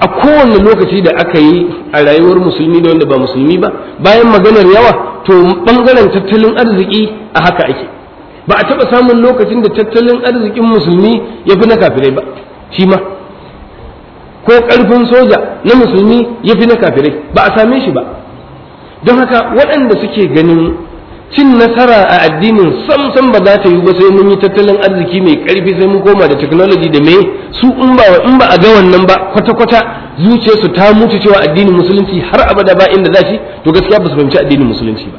S2: a kowane lokaci da aka yi a rayuwar musulmi da wanda ba musulmi ba bayan maganar yawa to bangaren tattalin arziki a haka ake ba a taɓa samun lokacin da tattalin arzikin musulmi ya fi na kafirai ba shi ma ko ƙarfin soja na musulmi ya fi na kafirai ba a same shi ba don haka waɗanda suke ganin cin nasara a addinin sam sam ba za ta yi ba sai mun yi tattalin arziki mai karfi sai mun koma da technology da me su in ba in ba a ga wannan ba kwata kwata su ta mutu cewa addinin musulunci har abada ba inda za shi to gaskiya ba su fahimci addinin musulunci ba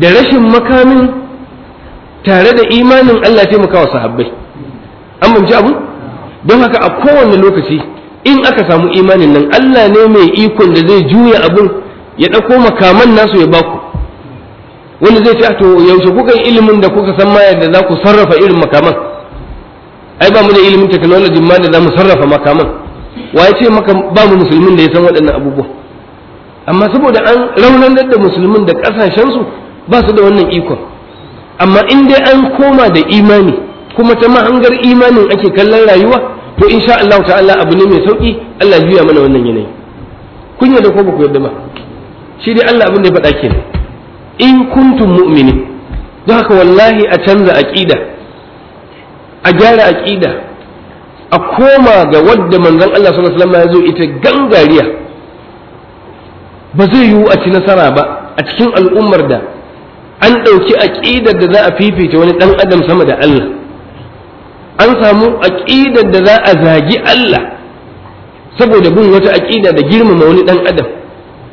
S2: da rashin makamin tare da imanin Allah taimakawa sahabbai an bamci abu don haka a kowane lokaci in aka samu imanin nan Allah ne mai ikon da zai juya abun ya ɗauko makaman nasu ya baku Wani zai ce ah, to yaushe kuka yi ilimin da kuka san ma yadda za ku sarrafa irin makaman ai ba mu da ilimin technology ma da za mu sarrafa makaman wa ya ce maka ba mu musulmin da ya san waɗannan abubuwa amma saboda an raunan da musulmin da ƙasashensu ba su da wannan ikon amma in dai an koma da imani kuma ta mahangar imanin ake kallon rayuwa to insha Allah ta'ala abu ne mai sauki Allah juya mana wannan yanayi kun yarda ko ba ku yarda ba shi dai Allah abin da ya faɗa kenan in kuntum mu'mini don haka wallahi a canza aƙida a gyara aƙida a koma ga wadda manzon Allah sallallahu alaihi wasallam ya zo ita gangariya ba zai yiwu a ci nasara ba a cikin al'ummar da an ɗauki aƙidar da za a fifita wani ɗan adam sama da Allah an samu aƙidar da za a zagi Allah saboda bin wata aƙida da girmama wani ɗan adam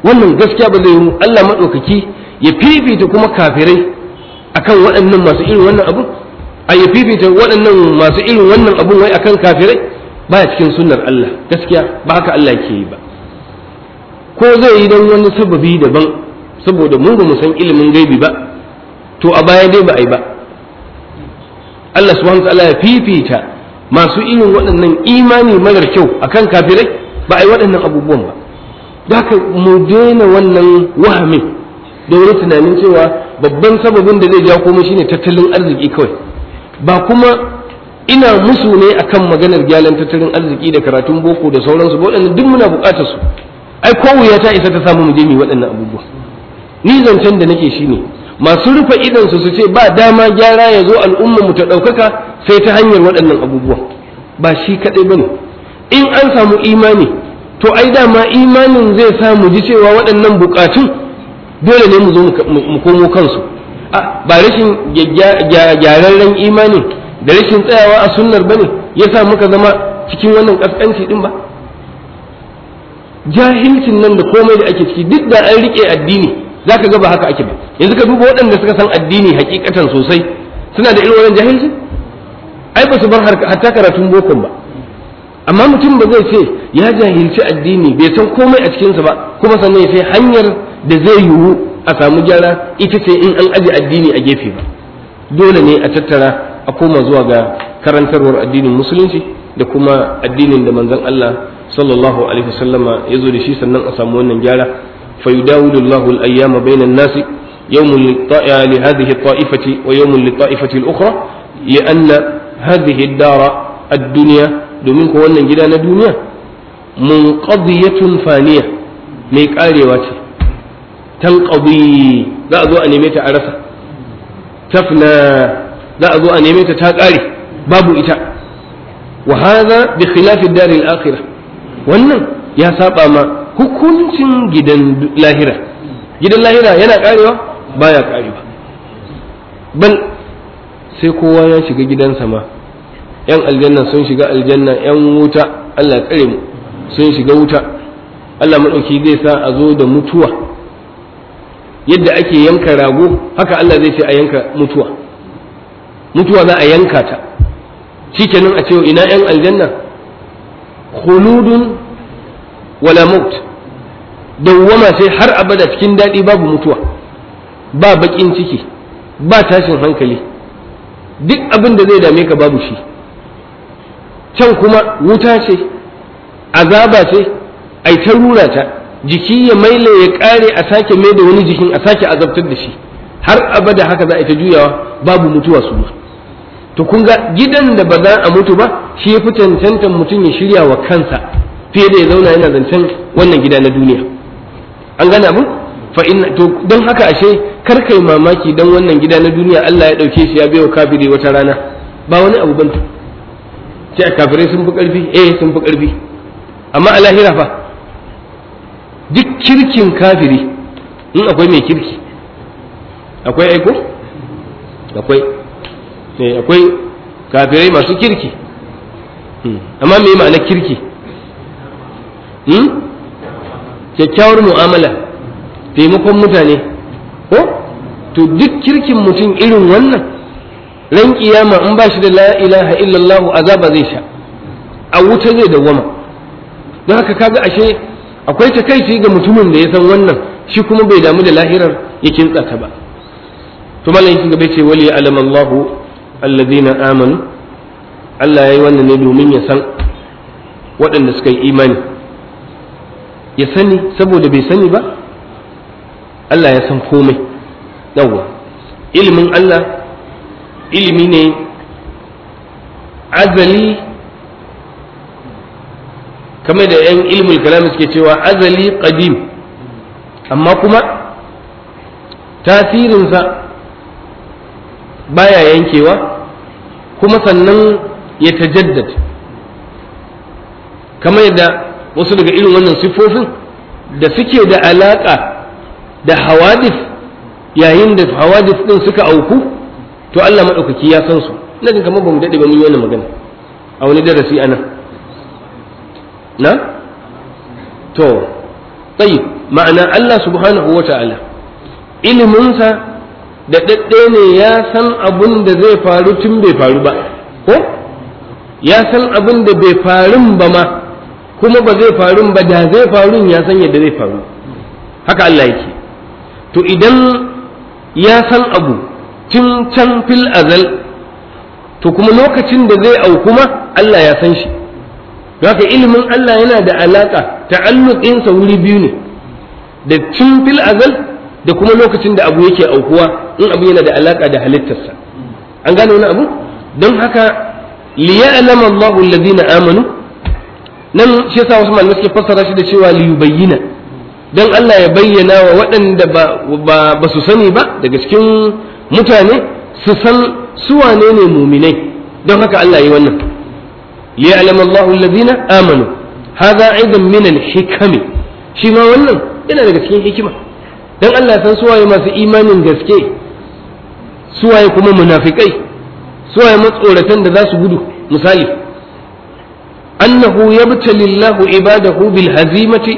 S2: wannan gaskiya ba zai yiwu Allah maɗaukaki ya fifita kuma kafirai akan waɗannan masu irin wannan abun a ya fifita waɗannan masu irin wannan abun wai akan kafirai baya cikin sunnar Allah gaskiya ba haka Allah ke yi ba ko zai yi don wani sababi daban saboda mun ba mu san ilimin gaibi ba to a baya dai ba a yi ba Allah subhanahu wa ta'ala ya fifita masu irin waɗannan imani marar kyau akan kafirai ba a waɗannan abubuwan ba da mu daina wannan wahamin da wani tunanin cewa babban sababin da zai ja komai shine tattalin arziki kawai ba kuma ina musu ne akan maganar gyalan tattalin arziki da karatun boko da sauransu ba waɗannan duk muna buƙatar su ai wuya ta isa ta samu mu je mu waɗannan abubuwa ni zancen da nake shine masu rufe idan su su ce ba dama gyara ya zo al'umma mu ta ɗaukaka sai ta hanyar waɗannan abubuwa ba shi kaɗai bane in an samu imani to ai dama imanin zai sa mu ji cewa waɗannan buƙatun dole ne mu zo mu komo kansu ba rashin gyararren imanin da rashin tsayawa a sunnar bane sa muka zama cikin wannan kaskanci din ba jahilcin nan da komai da ake ciki duk da an rike addini za ka gaba haka ake ba yanzu ka duba waɗanda suka san addini hakikatan sosai suna da irin wannan ai ba su bar hatta karatun bokon ba amma mutum ba zai ce ya jahilci addini bai san komai a cikinsa ba kuma sannan ya sai hanyar da zai yiwu a samu gyara ita ce in an aje addini a gefe ba dole ne a tattara a koma zuwa ga karantarwar addinin musulunci da kuma addinin da manzon Allah sallallahu alaihi wasallama ya zo da shi sannan a samu wannan gyara fa yudawilu al-ayyama bainan nasi yawmun li-hadhihi eh, at-ta'ifati wa yawmun li-ta'ifati al-ukhra li'anna hadhihi ad-dara ad-dunya domin ko wannan gida na duniya munqadiyatun faniya mai karewa ce tanqadi za a zo a neme ta a rasa tafna za a zo a neme ta ta ƙare babu ita wa hadha bi khilafi dar al akhirah wannan ya saba ma hukuncin gidan lahira gidan lahira yana karewa baya karewa bal sai kowa ya shiga gidansa ma yan aljanna sun shiga aljanna yan wuta Allah tsare mu sun shiga wuta Allah madauki zai sa a zo da mutuwa yadda ake yanka rago haka Allah zai ce a yanka mutuwa mutuwa za a yanka ta nan a ce ina yan aljanna khuludun wala maut dawwama sai har abada cikin daɗi babu mutuwa ba baƙin ciki ba tashin hankali duk abin da zai dame ka babu shi can kuma wuta ce azaba ce ai ta rura ta jiki ya maila ya kare a sake mai da wani jikin a sake azabtar da shi har abada haka za a ta juyawa babu mutuwa su to kun ga gidan da ba za a mutu ba shi ya fi cancantar mutum ya shirya wa kansa fiye da ya zauna yana zancen wannan gida na duniya an gana mu fa in to don haka ashe kar kai mamaki dan wannan gida na duniya Allah ya dauke shi ya baiwa kafiri wata rana ba wani abu bane ce kafirai sun fi karfi eh sun fi karfi amma a lahira fa duk kirkin kafiri in akwai mai kirki akwai aiko akwai eh, akwai kafirai masu kirki hmm. amma me ma'anar kirki hmm? kyakkyawar mu'amala taimakon mutane ko to duk kirkin mutum irin wannan ran kiyama in ba shi da la ilaha illallah azaba zai sha a wuta zai dawwama don haka kaga ashe akwai ta kai ga mutumin da ya san wannan shi kuma bai damu da lahirar ya kintsa ta ba to mallan gaba ce wali alama Allah alladhina amanu Allah yayi wannan ne domin ya san waɗanda suka yi imani ya sani saboda bai sani ba Allah ya san komai yawa ilimin Allah ilimi ne azali kamar da yan ilmul kalam suke cewa azali qadim amma kuma tasirinsa baya yankewa kuma sannan ya tajaddad kamar yadda wasu daga irin wannan sifofin da suke da alaƙa da hawadif yayin da hawadif ɗin suka auku to Allah maɗaukaki ya san su na kamar ba mu daɗe ba mu yi wannan magana a wani darasi a nan na to tsayi ma'ana Allah subhanahu wa ta'ala iliminsa da ɗaɗɗe ne ya san abin da zai faru tun bai faru ba ko ya san abin da bai farun ba ma kuma ba zai farin ba da zai farin ya san yadda zai faru haka Allah yake to idan ya san abu tun can fil azal to kuma lokacin da zai au kuma Allah ya san shi haka ilimin Allah yana da alaka ta'alluqinsa wuri biyu ne da tun fil azal da kuma lokacin da abu yake aukuwa in abu yana da alaka da halittarsa an gane wani abu don haka liya'lama Allahu alladhina amanu nan shi yasa wasu malamai suke fassara shi da cewa liyubayyina don Allah ya bayyana wa waɗanda ba su sani ba daga cikin mutane su san su wane ne muminai don haka Allah yi wannan liya'lam Allahu alladhina amanu hadha aidan min al-hikam shi ma wannan yana daga cikin hikima dan Allah san suwaye masu imanin gaske suwaye kuma munafikai suwaye matsoratan da za su gudu misali annahu yabtalillahu ibadahu bil hazimati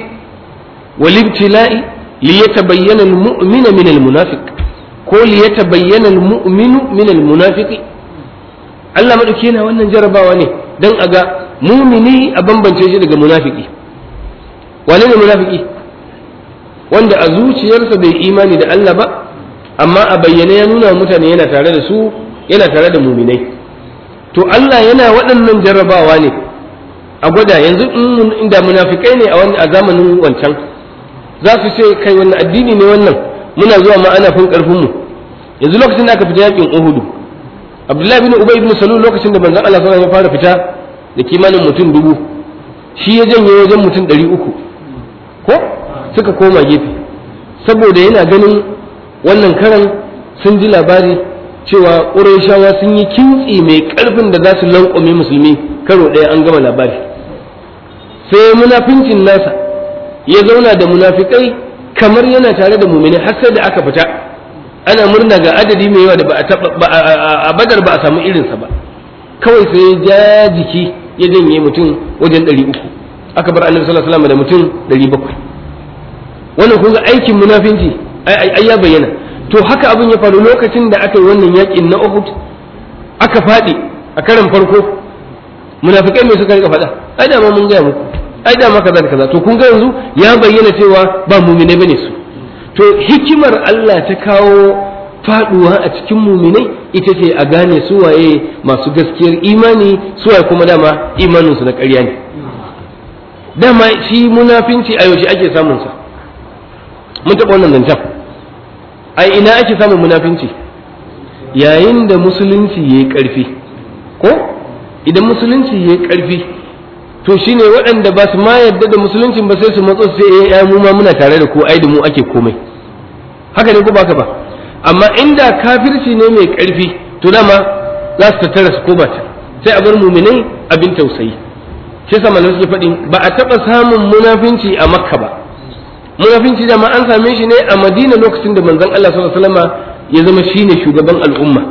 S2: wal ibtila'i liyatabayyana al-mu'minu min al ko liyatabayyana al-mu'minu min al-munafiqi Allah madauki yana wannan jarabawa ne dan a ga mumini a bambance shi daga munafiki wane ne munafiki wanda a zuciyarsa bai imani da Allah ba amma a bayyane ya nuna mutane yana tare da su yana tare da muminai to Allah yana waɗannan jarrabawa ne a gwada yanzu inda munafikai ne a zamanin wancan za su ce kai wannan addini ne wannan muna zuwa ma ana fin ƙarfinmu yanzu lokacin da aka fita yakin uhudu abdullahi bin ubay bin salul lokacin da manzon Allah sallallahu alaihi wasallam ya fara fita da kimanin mutum dubu shi ya janye wajen mutum ɗari uku ko suka koma gefe saboda yana ganin wannan karan sun ji labari cewa ƙurashawa sun yi kintsi mai ƙarfin da za su lankwame musulmi karo ɗaya an gama labari sai munafincin nasa ya zauna da munafikai kamar yana tare da mumini har sai da aka fita ana murna ga adadi mai yawa da ba a a badar ba a samu irinsa ba kawai sai ya ja jiki ya janye mutum wajen ɗari uku aka bar annabi sallallahu alaihi da mutum ɗari bakwai wannan kun ga aikin munafinci ai ya bayyana to haka abin ya faru lokacin da aka yi wannan yakin na Uhud aka faɗi a karin farko munafikai mai suka rika faɗa ai da mun gaya muku ai da ma kaza da kaza to kun ga yanzu ya bayyana cewa ba mu mu'mine bane su to hikimar Allah ta kawo faduwa a cikin muminai ita ce a gane su waye masu gaskiyar imani su waye kuma dama imaninsu na ƙarya ne dama shi munafinci a yaushe ake samun sa mun taɓa wannan zancen a ina ake samun munafinci yayin da musulunci ya yi ƙarfi ko idan musulunci ya yi ƙarfi to shine waɗanda ba su ma yadda da musuluncin ba sai su matso su sai eh, ya mu ma muna tare da ko ai da mu ake komai haka ne ko baka ba amma inda kafirci ne mai ƙarfi to dama za su tattara su ba ta sai a bar muminai abin tausayi shi yasa malamai suke faɗi ba a taɓa samun munafinci a makka ba munafinci dama an same shi ne a madina lokacin da manzon Allah sallallahu alaihi ya zama shine shugaban al'umma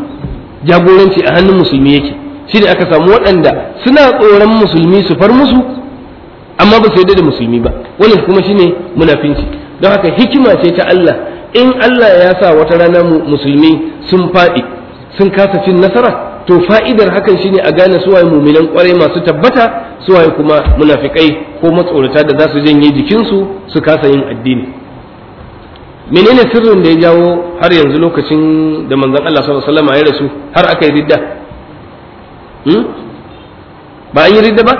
S2: jagoranci a hannun musulmi yake shi ne aka samu waɗanda suna tsoron musulmi su far musu amma ba su yadda da musulmi ba wannan kuma shi shine munafinci don haka hikima ce ta Allah in Allah ya sa wata rana musulmi sun faɗi sun kasa cin nasara to fa'idar hakan shi ne a gane suwaye muminan ƙwarai masu tabbata suwaye kuma munafikai ko matsorata da za su janye jikinsu su kasa yin addini menene sirrin da ya jawo har yanzu lokacin da manzon Allah sallallahu alaihi wasallam ya rasu har aka yi ridda Hmm? ba an yi ridda ba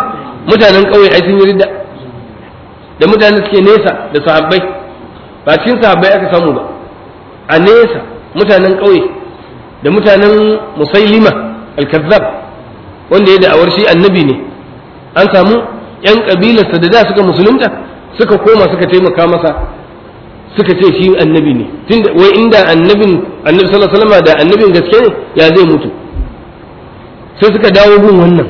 S2: mutanen ƙauye ai sun yi ridda da mutanen suke nesa da sahabbai ba cikin sahabbai aka samu ba a nesa mutanen ƙauye da mutanen musailima alkazzab wanda ya awar shi annabi ne an samu 'yan kabilarsa da da suka musulunta suka koma suka taimaka masa suka ce shi annabi ne tunda wai inda annabin annabi sallallahu alaihi wasallam da annabin gaske ne ya zai mutu sai suka dawo bin wannan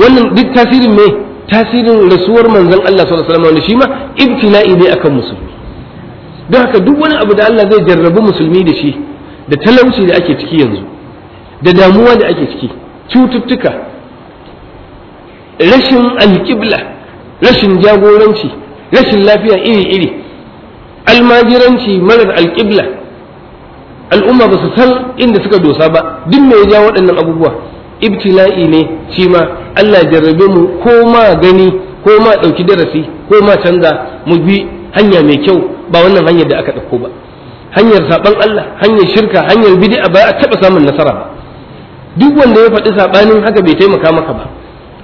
S2: wannan duk tasirin me tasirin rasuwar manzon Allah sallallahu alaihi wasallam shi ma ibtila'i ne akan musulmi don haka duk wani abu da Allah zai jarrabi musulmi da shi da talauci da ake ciki yanzu da damuwa da ake ciki cututtuka rashin alƙibla rashin jagoranci rashin lafiya iri-iri almajiranci marar alƙibla al'umma ba su san inda suka dosa ba duk me ya ja waɗannan abubuwa ibtila'i ne shi ma Allah jarrabe mu ko ma gani ko ma ɗauki darasi ko ma canza mu bi hanya mai kyau ba wannan hanyar da aka ɗauko ba hanyar saɓan Allah hanyar shirka hanyar bid'a ba a taɓa samun nasara ba duk wanda ya faɗi saɓanin haka bai taimaka maka ba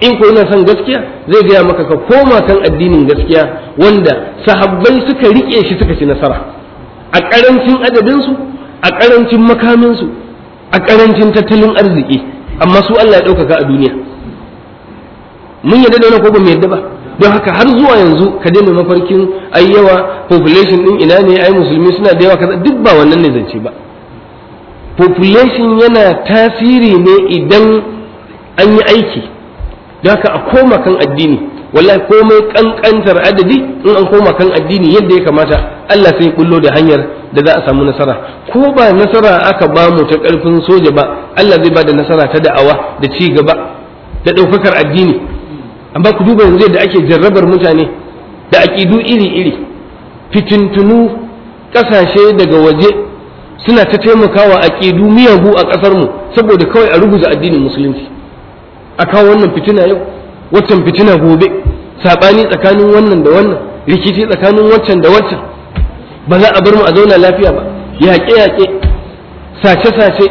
S2: in ko yana son gaskiya zai gaya maka ka koma kan addinin gaskiya wanda sahabbai suka riƙe shi suka ci nasara a ƙarancin adadinsu a ƙarancin makaminsu a ƙarancin tattalin arziki amma su Allah ya ɗaukaka a duniya mun yadda da wani ko ba mu yadda ba don haka har zuwa yanzu ka daina mafarkin ai yawa population ɗin ina ne ai musulmi suna da yawa kaza duk ba wannan ne zance ba population yana tasiri ne idan an yi aiki don haka a koma kan addini wallahi komai kankantar adadi in an koma kan addini yadda ya kamata Allah sai kullo da hanyar da za a samu nasara ko ba nasara aka ba mu ta karfin soja ba Allah zai bada da nasara ta da'awa da ci gaba da ɗaukakar addini amma ku duba yanzu da ake jarrabar mutane da aƙidu iri-iri fitintunu ƙasashe daga waje suna ta taimakawa aƙidu miyagu a mu saboda kawai a ruguza addinin musulunci a kawo wannan fitina yau waccan fitina gobe saɓani tsakanin wannan da wannan rikici tsakanin waccan da waccan ba za a bar mu a zauna lafiya ba yaƙe-yaƙe sace-sace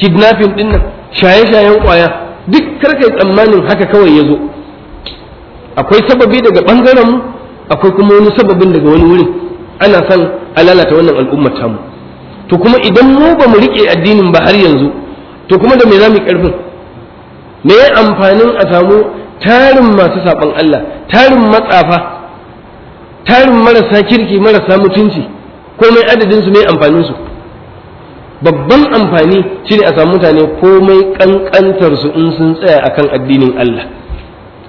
S2: kidnapping ɗin nan shaye-shayen ƙwaya duk karkai tsammanin haka kawai ya zo akwai sababi daga ɓangaren mu akwai kuma wani sababin daga wani wurin ana son a lalata wannan al'ummar tamu to kuma idan mu ba mu riƙe addinin ba har yanzu to kuma da me za mu ƙarfin me amfanin a samu tarin masu saɓon Allah tarin matsafa tarin marasa kirki marasa mutunci adadin adadinsu mai amfaninsu babban amfani shine a samu mutane komai ƙanƙantarsu in sun tsaya akan addinin Allah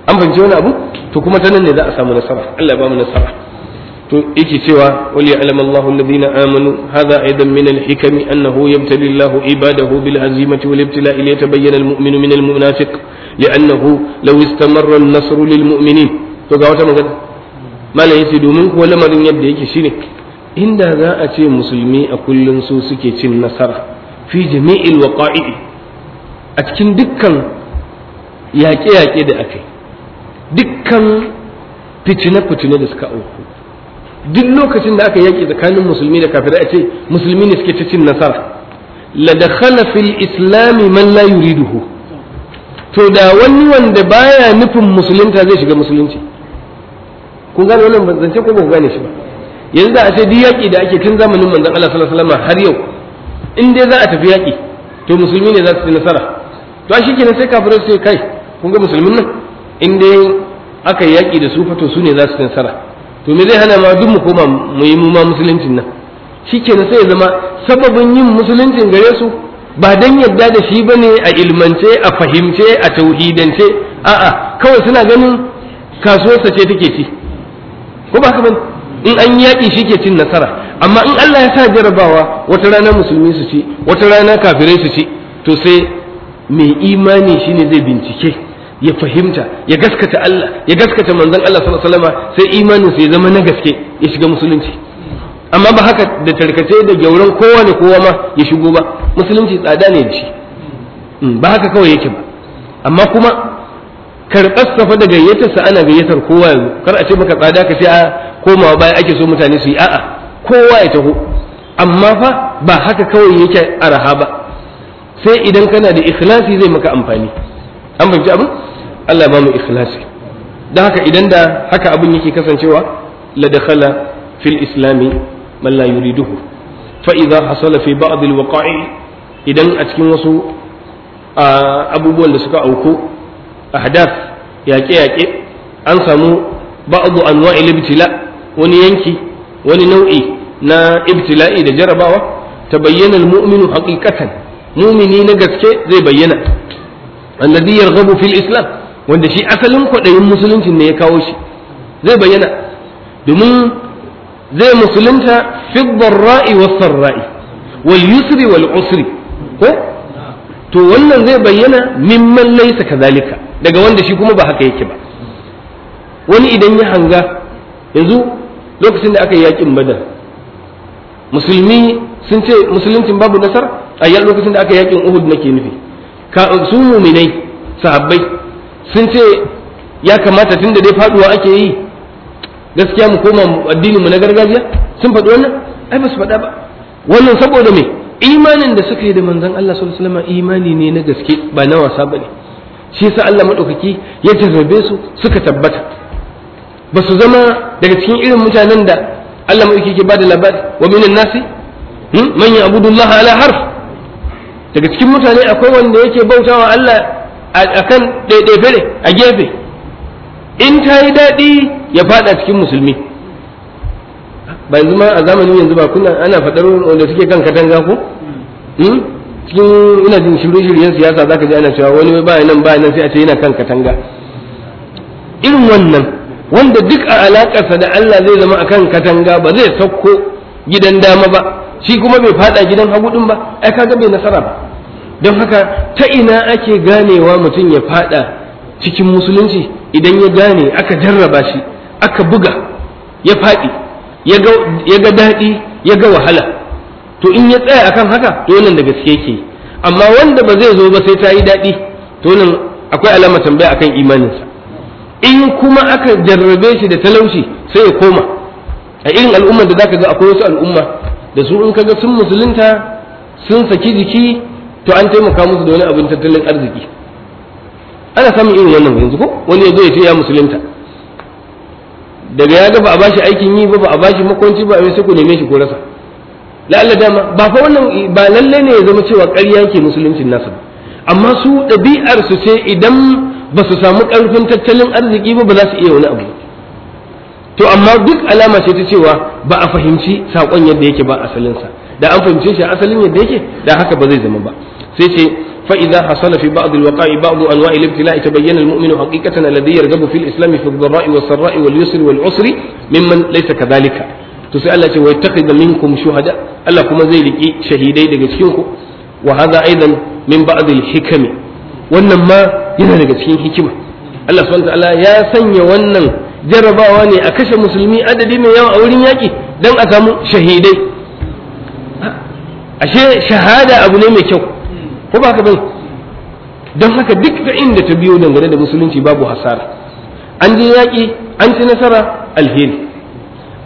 S2: an fahimci wani abu to kuma ta nan ne za a samu nasara Allah ya ba mu nasara to yake cewa wali alama Allah alladhina amanu hadha aidan min al-hikami annahu yabtali Allah ibadahu bil azimati wal ibtila li yatabayyana al-mu'minu min al-munafiq li'annahu annahu istamarra an-nasru lil mu'minin to ga wata magana malam ce domin ko lamarin yadda yake shine inda za a ce musulmi a kullum su suke cin nasara fi jami'il waqa'i a cikin dukkan yaƙe-yaƙe da aka dukkan da suka auku duk lokacin da aka yaƙi tsakanin musulmi da kafira a ce musulmi ne suke cin nasara la dakhala fil islami man la yuriduhu to da wani wanda baya nufin musulunta zai shiga musulunci kun gane wannan zance ko ba ku gane shi ba yanzu da a ce duk yaƙi da ake tun zamanin manzon Allah sallallahu alaihi wasallam har yau in dai za a tafi yaƙi to musulmi ne za su yi nasara to shi kenan sai kafir su kai kun ga musulmin nan in dai aka yi yaƙi da su fa to su ne za su yi nasara to me zai hana ma duk mu koma mu yi mu ma musuluncin nan shi kenan sai ya zama sababin yin musuluncin gare su ba dan yadda da shi ba ne a ilmance a fahimce a tauhidance a'a kawai suna ganin kasuwarsa ce take ci ko ba ka in an yaƙi shi ke cin nasara amma in Allah ya sa jarabawa wata rana musulmi su ci wata rana kafirai su ci to sai mai imani shine zai bincike ya fahimta ya gaskata Allah ya gaskata manzon Allah sallallahu alaihi wasallam sai imanin ya zama na gaske ya shiga musulunci amma ba haka da tarkace da gauran kowa ne kowa ma ya shigo ba musulunci tsada ne da shi hmm, ba haka kawai yake ba amma kuma karɓar safa da gayyatarsa ana gayyatar kowa yanzu kar a ce maka tsada ka ce a komawa baya ake so mutane su yi a'a kowa ya taho amma fa ba haka kawai yake araha ba sai idan kana da ikhlasi zai maka amfani an fahimci abin Allah ba mu ikhlasi don haka idan da haka abin yake kasancewa la dakhala fil islami man la yuriduhu fa'iza idza hasala fi ba'd al waqa'i idan a cikin wasu abubuwan da suka auku ahdas yaƙe yaƙe an samu ba'd anwa'i libtila wani yanki wani nau'i na ibtila'i da jarabawa ta bayyana mu'minu haqiqatan mumini na gaske zai bayyana alladhi yarghabu fil islam wanda shi asalin kwaɗayin musuluncin ne ya kawo shi zai bayyana domin zai musulunta fi dharra'i wa sarra'i wal yusri wal usri ko to wannan zai bayyana mimman laysa kazalika daga wanda shi kuma ba haka yake ba wani idan ya hanga yanzu lokacin da aka yi yakin badar musulmi sun ce musuluncin babu nasar a yan lokacin da aka yi yakin uhud nake nufi ka su muminai sahabbai sun ce ya kamata tun dai faduwa ake yi gaskiya mu koma addinin mu na gargajiya sun faɗi wannan ai ba su faɗa ba wannan saboda me imanin da suka yi da manzon Allah sallallahu alaihi wasallam imani ne na gaske ba na wasa bane shi yasa Allah madaukaki ya jarrabe su suka tabbata ba su zama daga cikin irin mutanen da Allah madaukaki ke bada labari wa minan nasi hmm? man ya'budullaha ala harf daga cikin mutane akwai wanda yake bautawa Allah akan ɗaiɗaife a gefe in ta yi daɗi ya faɗa cikin musulmi ba yanzu ma a zamanin yanzu ba kuna ana faɗar wanda suke kan katanga ko hmm? cikin ina jin shirye-shiryen siyasa za ka ji ana cewa wani ba nan ba nan sai a ce yana kan katanga irin wannan wanda duk a alaƙarsa da Allah zai zama a akan katanga ba zai sauko gidan dama ba shi kuma bai faɗa gidan hagu ba ai kaga bai nasara ba don haka ta ina ake ganewa mutum ya faɗa cikin musulunci idan ya gane aka jarraba shi aka buga ya faɗi ya ga daɗi ya ga wahala to in ya tsaya akan haka to nan da gaske yake amma wanda ba zai zo ba sai ta yi daɗi to nan akwai alama tambaya akan imaninsa in kuma aka jarrabe shi da talauci sai ya koma a irin al'ummar da zaka ga akwai wasu al'umma da su in kaga sun musulunta sun saki jiki to an taimaka musu da wani abin tattalin arziki ana samun irin wannan yanzu ko wani ya zo ya ce ya musulunta daga ya ga ba a bashi aikin yi ba ba a bashi makwanci ba sai ku neme shi ko rasa la'alla dama ba fa wannan ba lalle ne ya zama cewa ƙarya ke musuluncin nasa ba amma su ɗabi'ar su ce idan ba su samu ƙarfin tattalin arziki ba ba za su iya wani abu to amma duk alama ce ta cewa ba a fahimci saƙon yadda yake ba asalinsa da an fahimce shi asalin yadda yake da haka ba zai zama ba sai ce فإذا حصل في بعض الوقائع بعض أنواع الابتلاء تبين المؤمن حقيقة الذي يرغب في الإسلام في الضراء والسراء واليسر والعسر ممن ليس كذلك تسأل الله ويتخذ منكم شهداء ألكم ذلك شهيدي دقسيوك وهذا أيضا من بعض الحكم وإنما هنا دقسيين حكمة الله سبحانه وتعالى يا سني وانا جربا واني أكش مسلمي أدد من يوم أولين ياكي دم أسامو شهيدي أشي شهادة أبو نيمي شوك ko ba ka bai don haka duk da inda ta biyo dangane da musulunci babu hasara an je yaƙi an ci nasara alheri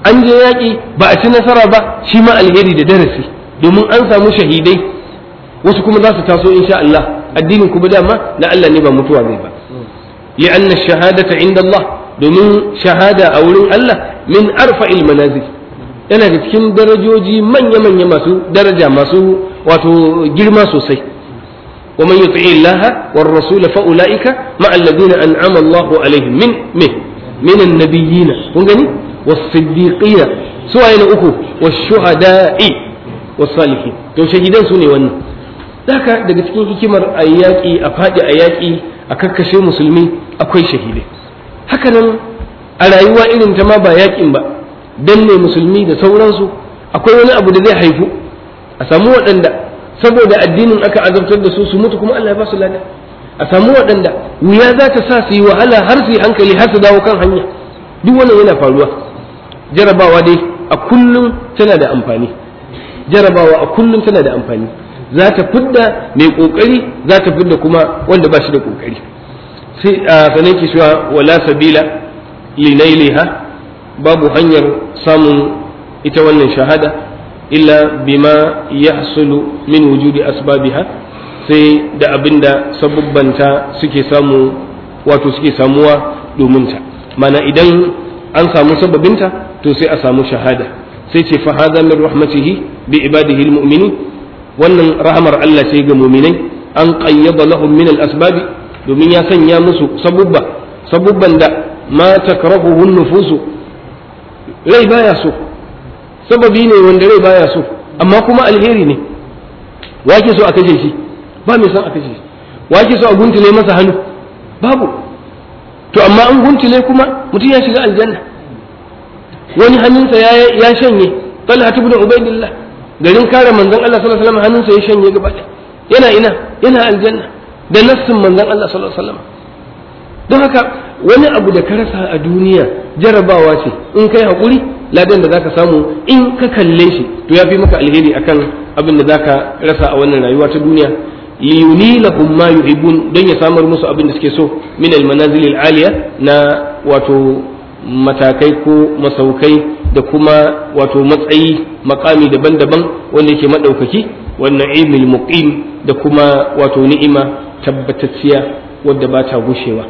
S2: an je yaƙi ba a ci nasara ba shi ma alheri da darasi domin an samu shahidai wasu kuma za su taso insha Allah addinin kuma dama na Allah ne ba mutuwa zai ba ya anna shahadata inda Allah domin shahada a wurin Allah min arfa'il manazil yana da cikin darajoji manya-manya masu daraja masu wato girma sosai ومن يطع الله والرسول فأولئك مع الذين أنعم الله عليهم من من من النبيين والصديقين سواء أكو والشهداء والصالحين تو شهيدان سوني ون ذاك daga cikin hikimar ayyaki a faɗi a yaƙi a kakkashe musulmi akwai shahidai hakanan a rayuwa irin ta ma ba yaƙin ba danne musulmi da sauransu akwai wani abu da zai haifu a samu waɗanda saboda addinin aka azabtar da su su mutu kuma Allah ya ba su lada a samu waɗanda wuya za ta sa su yi wahala har su yi hankali har su dawo kan hanya duk wannan yana faruwa jarabawa dai a kullum tana da amfani jarabawa a kullum tana da amfani za ta fidda mai kokari za ta fidda kuma wanda ba shi da kokari sai a sanin ki cewa wala sabila linailiha babu hanyar samun ita wannan shahada illa bima ya yahsulu min wujudi asbabiha sai da abinda sabubbanta suke samu wato suke samuwa domin ta mana idan an samu sababinta to sai a samu shahada sai ce fa hadha min rahmatihi bi ibadihi almu'minin wannan rahamar Allah ce ga mu'minai an qayyada lahum min al domin ya sanya musu sabubba sabubban da ma takrahuhu nufusu rai baya so sababi ne wanda rai baya so amma kuma alheri ne wa ke so a kashe shi ba mai son a kashe shi wa ke so a guntule masa hannu babu to amma an guntule kuma mutum ya shiga aljanna wani hannunsa ya shanye talha ibn ubaidillah garin kare manzon Allah sallallahu alaihi wasallam hannunsa ya shanye gaba yana ina yana aljanna da nassin manzon Allah sallallahu alaihi wasallam don haka wani abu da ka rasa a duniya jarabawa ce in kai haƙuri? ladan da zaka samu in ka kalle shi to ya fi maka alheri akan abin da zaka rasa a wannan rayuwa ta duniya liyunilahum ma yuhibun dan ya samar musu abin da suke so min al al aliya na wato matakai ko masaukai da kuma wato matsayi makami daban-daban wanda yake madaukaki wannan ilmil muqim da kuma wato ni'ima tabbatacciya wadda ba ta gushewa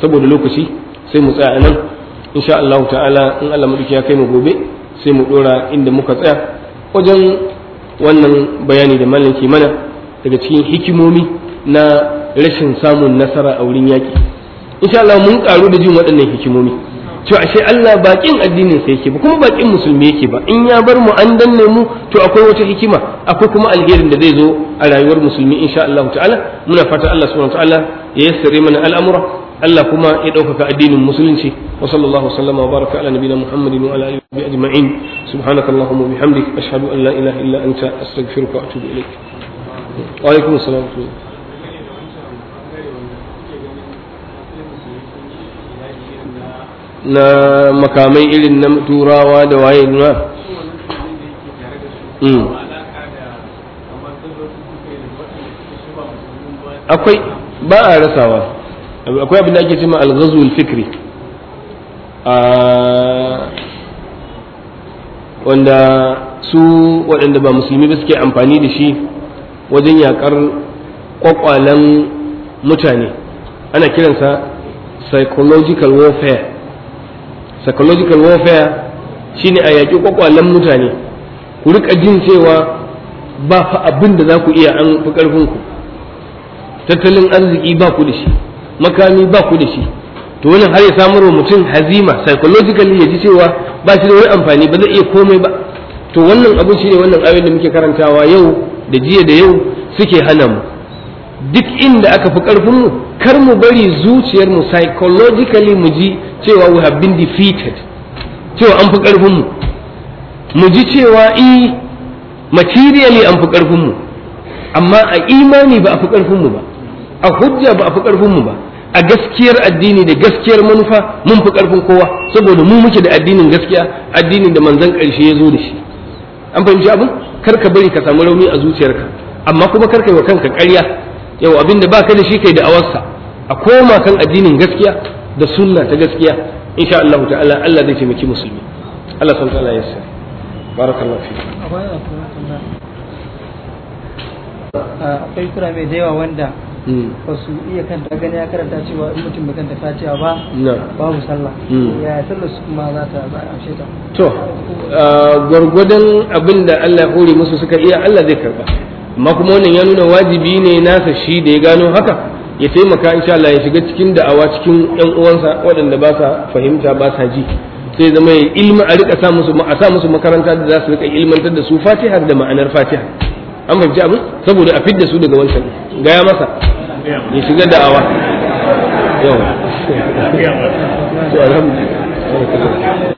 S2: saboda lokaci sai mu tsaya nan insha Allah ta'ala in Allah mu ya kai mu gobe sai mu dora inda muka tsaya wajen wannan bayani da mallan mana daga cikin hikimomi na rashin samun nasara a wurin yaki insha Allah mun karu da jin waɗannan hikimomi to ashe Allah bakin addinin sa yake ba kuma bakin musulmi yake ba in ya bar mu an danne mu to akwai wata hikima akwai kuma alherin da zai zo a rayuwar musulmi insha Allah ta'ala muna fata Allah subhanahu wa ta'ala ya yassare mana al'amura Allah kuma ya ɗaukaka addinin musulunci wa sallallahu sallama wa baraka ala nabiyina Muhammadin wa ala alihi ajma'in subhanaka allahumma wa bihamdik ashhadu an la ilaha illa anta astaghfiruka wa atubu ilaik wa alaikum assalam na makamai irin na turawa da waye na hmm. akwai ba a rasawa akwai abin da ake cewa al-ghazw fikri ah, wanda su waɗanda ba musulmi ba suke amfani da shi wajen yakar kwakwalen mutane ana kiransa psychological warfare psychological warfare shine a yaki kwakwalen mutane ku rika jin cewa ba fa abin da za ku iya an fi ƙarfinku tattalin arziki ba ku da shi makami ba ku da shi to wannan har ya samar wa mutum hazima psychologically ya ji cewa ba shi da wani amfani ba zai iya komai ba to wannan abu shi ne wannan ayoyin da muke karantawa yau da jiya da yau suke hana mu duk inda aka fi karfin mu kar mu bari zuciyar mu psychologically mu ji cewa we have been defeated cewa an fi karfin mu mu ji cewa i eh, materially an fi karfin mu amma a imani ba a fi karfin mu ba a hujja ba a fi karfin mu ba a gaskiyar addini da gaskiyar manufa mun fi karfin kowa saboda mu muke da addinin gaskiya addinin da manzan karshe ya zo da shi an fahimci abin kar ka bari ka samu rauni a zuciyarka amma kuma kar ka yi wa kanka ƙarya yau abin da baka da shi kai da awarsa a koma kan addinin gaskiya da sunna ta gaskiya insha Allah ta'ala Allah zai taimaki musulmi Allah san ta'ala ya sa barakallahu fi
S1: akwai kira mai da yawa wanda Hmm. ba su iya kanta gani ya karanta cewa in mutum bai kanta fatiha ba babu sallah hmm. ya sallar su kuma za ta za a ta to
S2: gwargwadon abin da Allah hore musu suka iya Allah zai karba amma kuma wannan ya nuna wajibi ne nasa shi da ya gano haka ya taimaka insha Allah ya shiga cikin da'awa cikin yan uwansa waɗanda ba sa fahimta ba sa ji sai zama ya ilmi a rika sa musu a sa musu makaranta da za su rika ilmantar da su fatiha da ma'anar fatiha an fahimci abin saboda a fidda su daga wancan gaya masa ya shiga da'awa
S3: yau
S2: to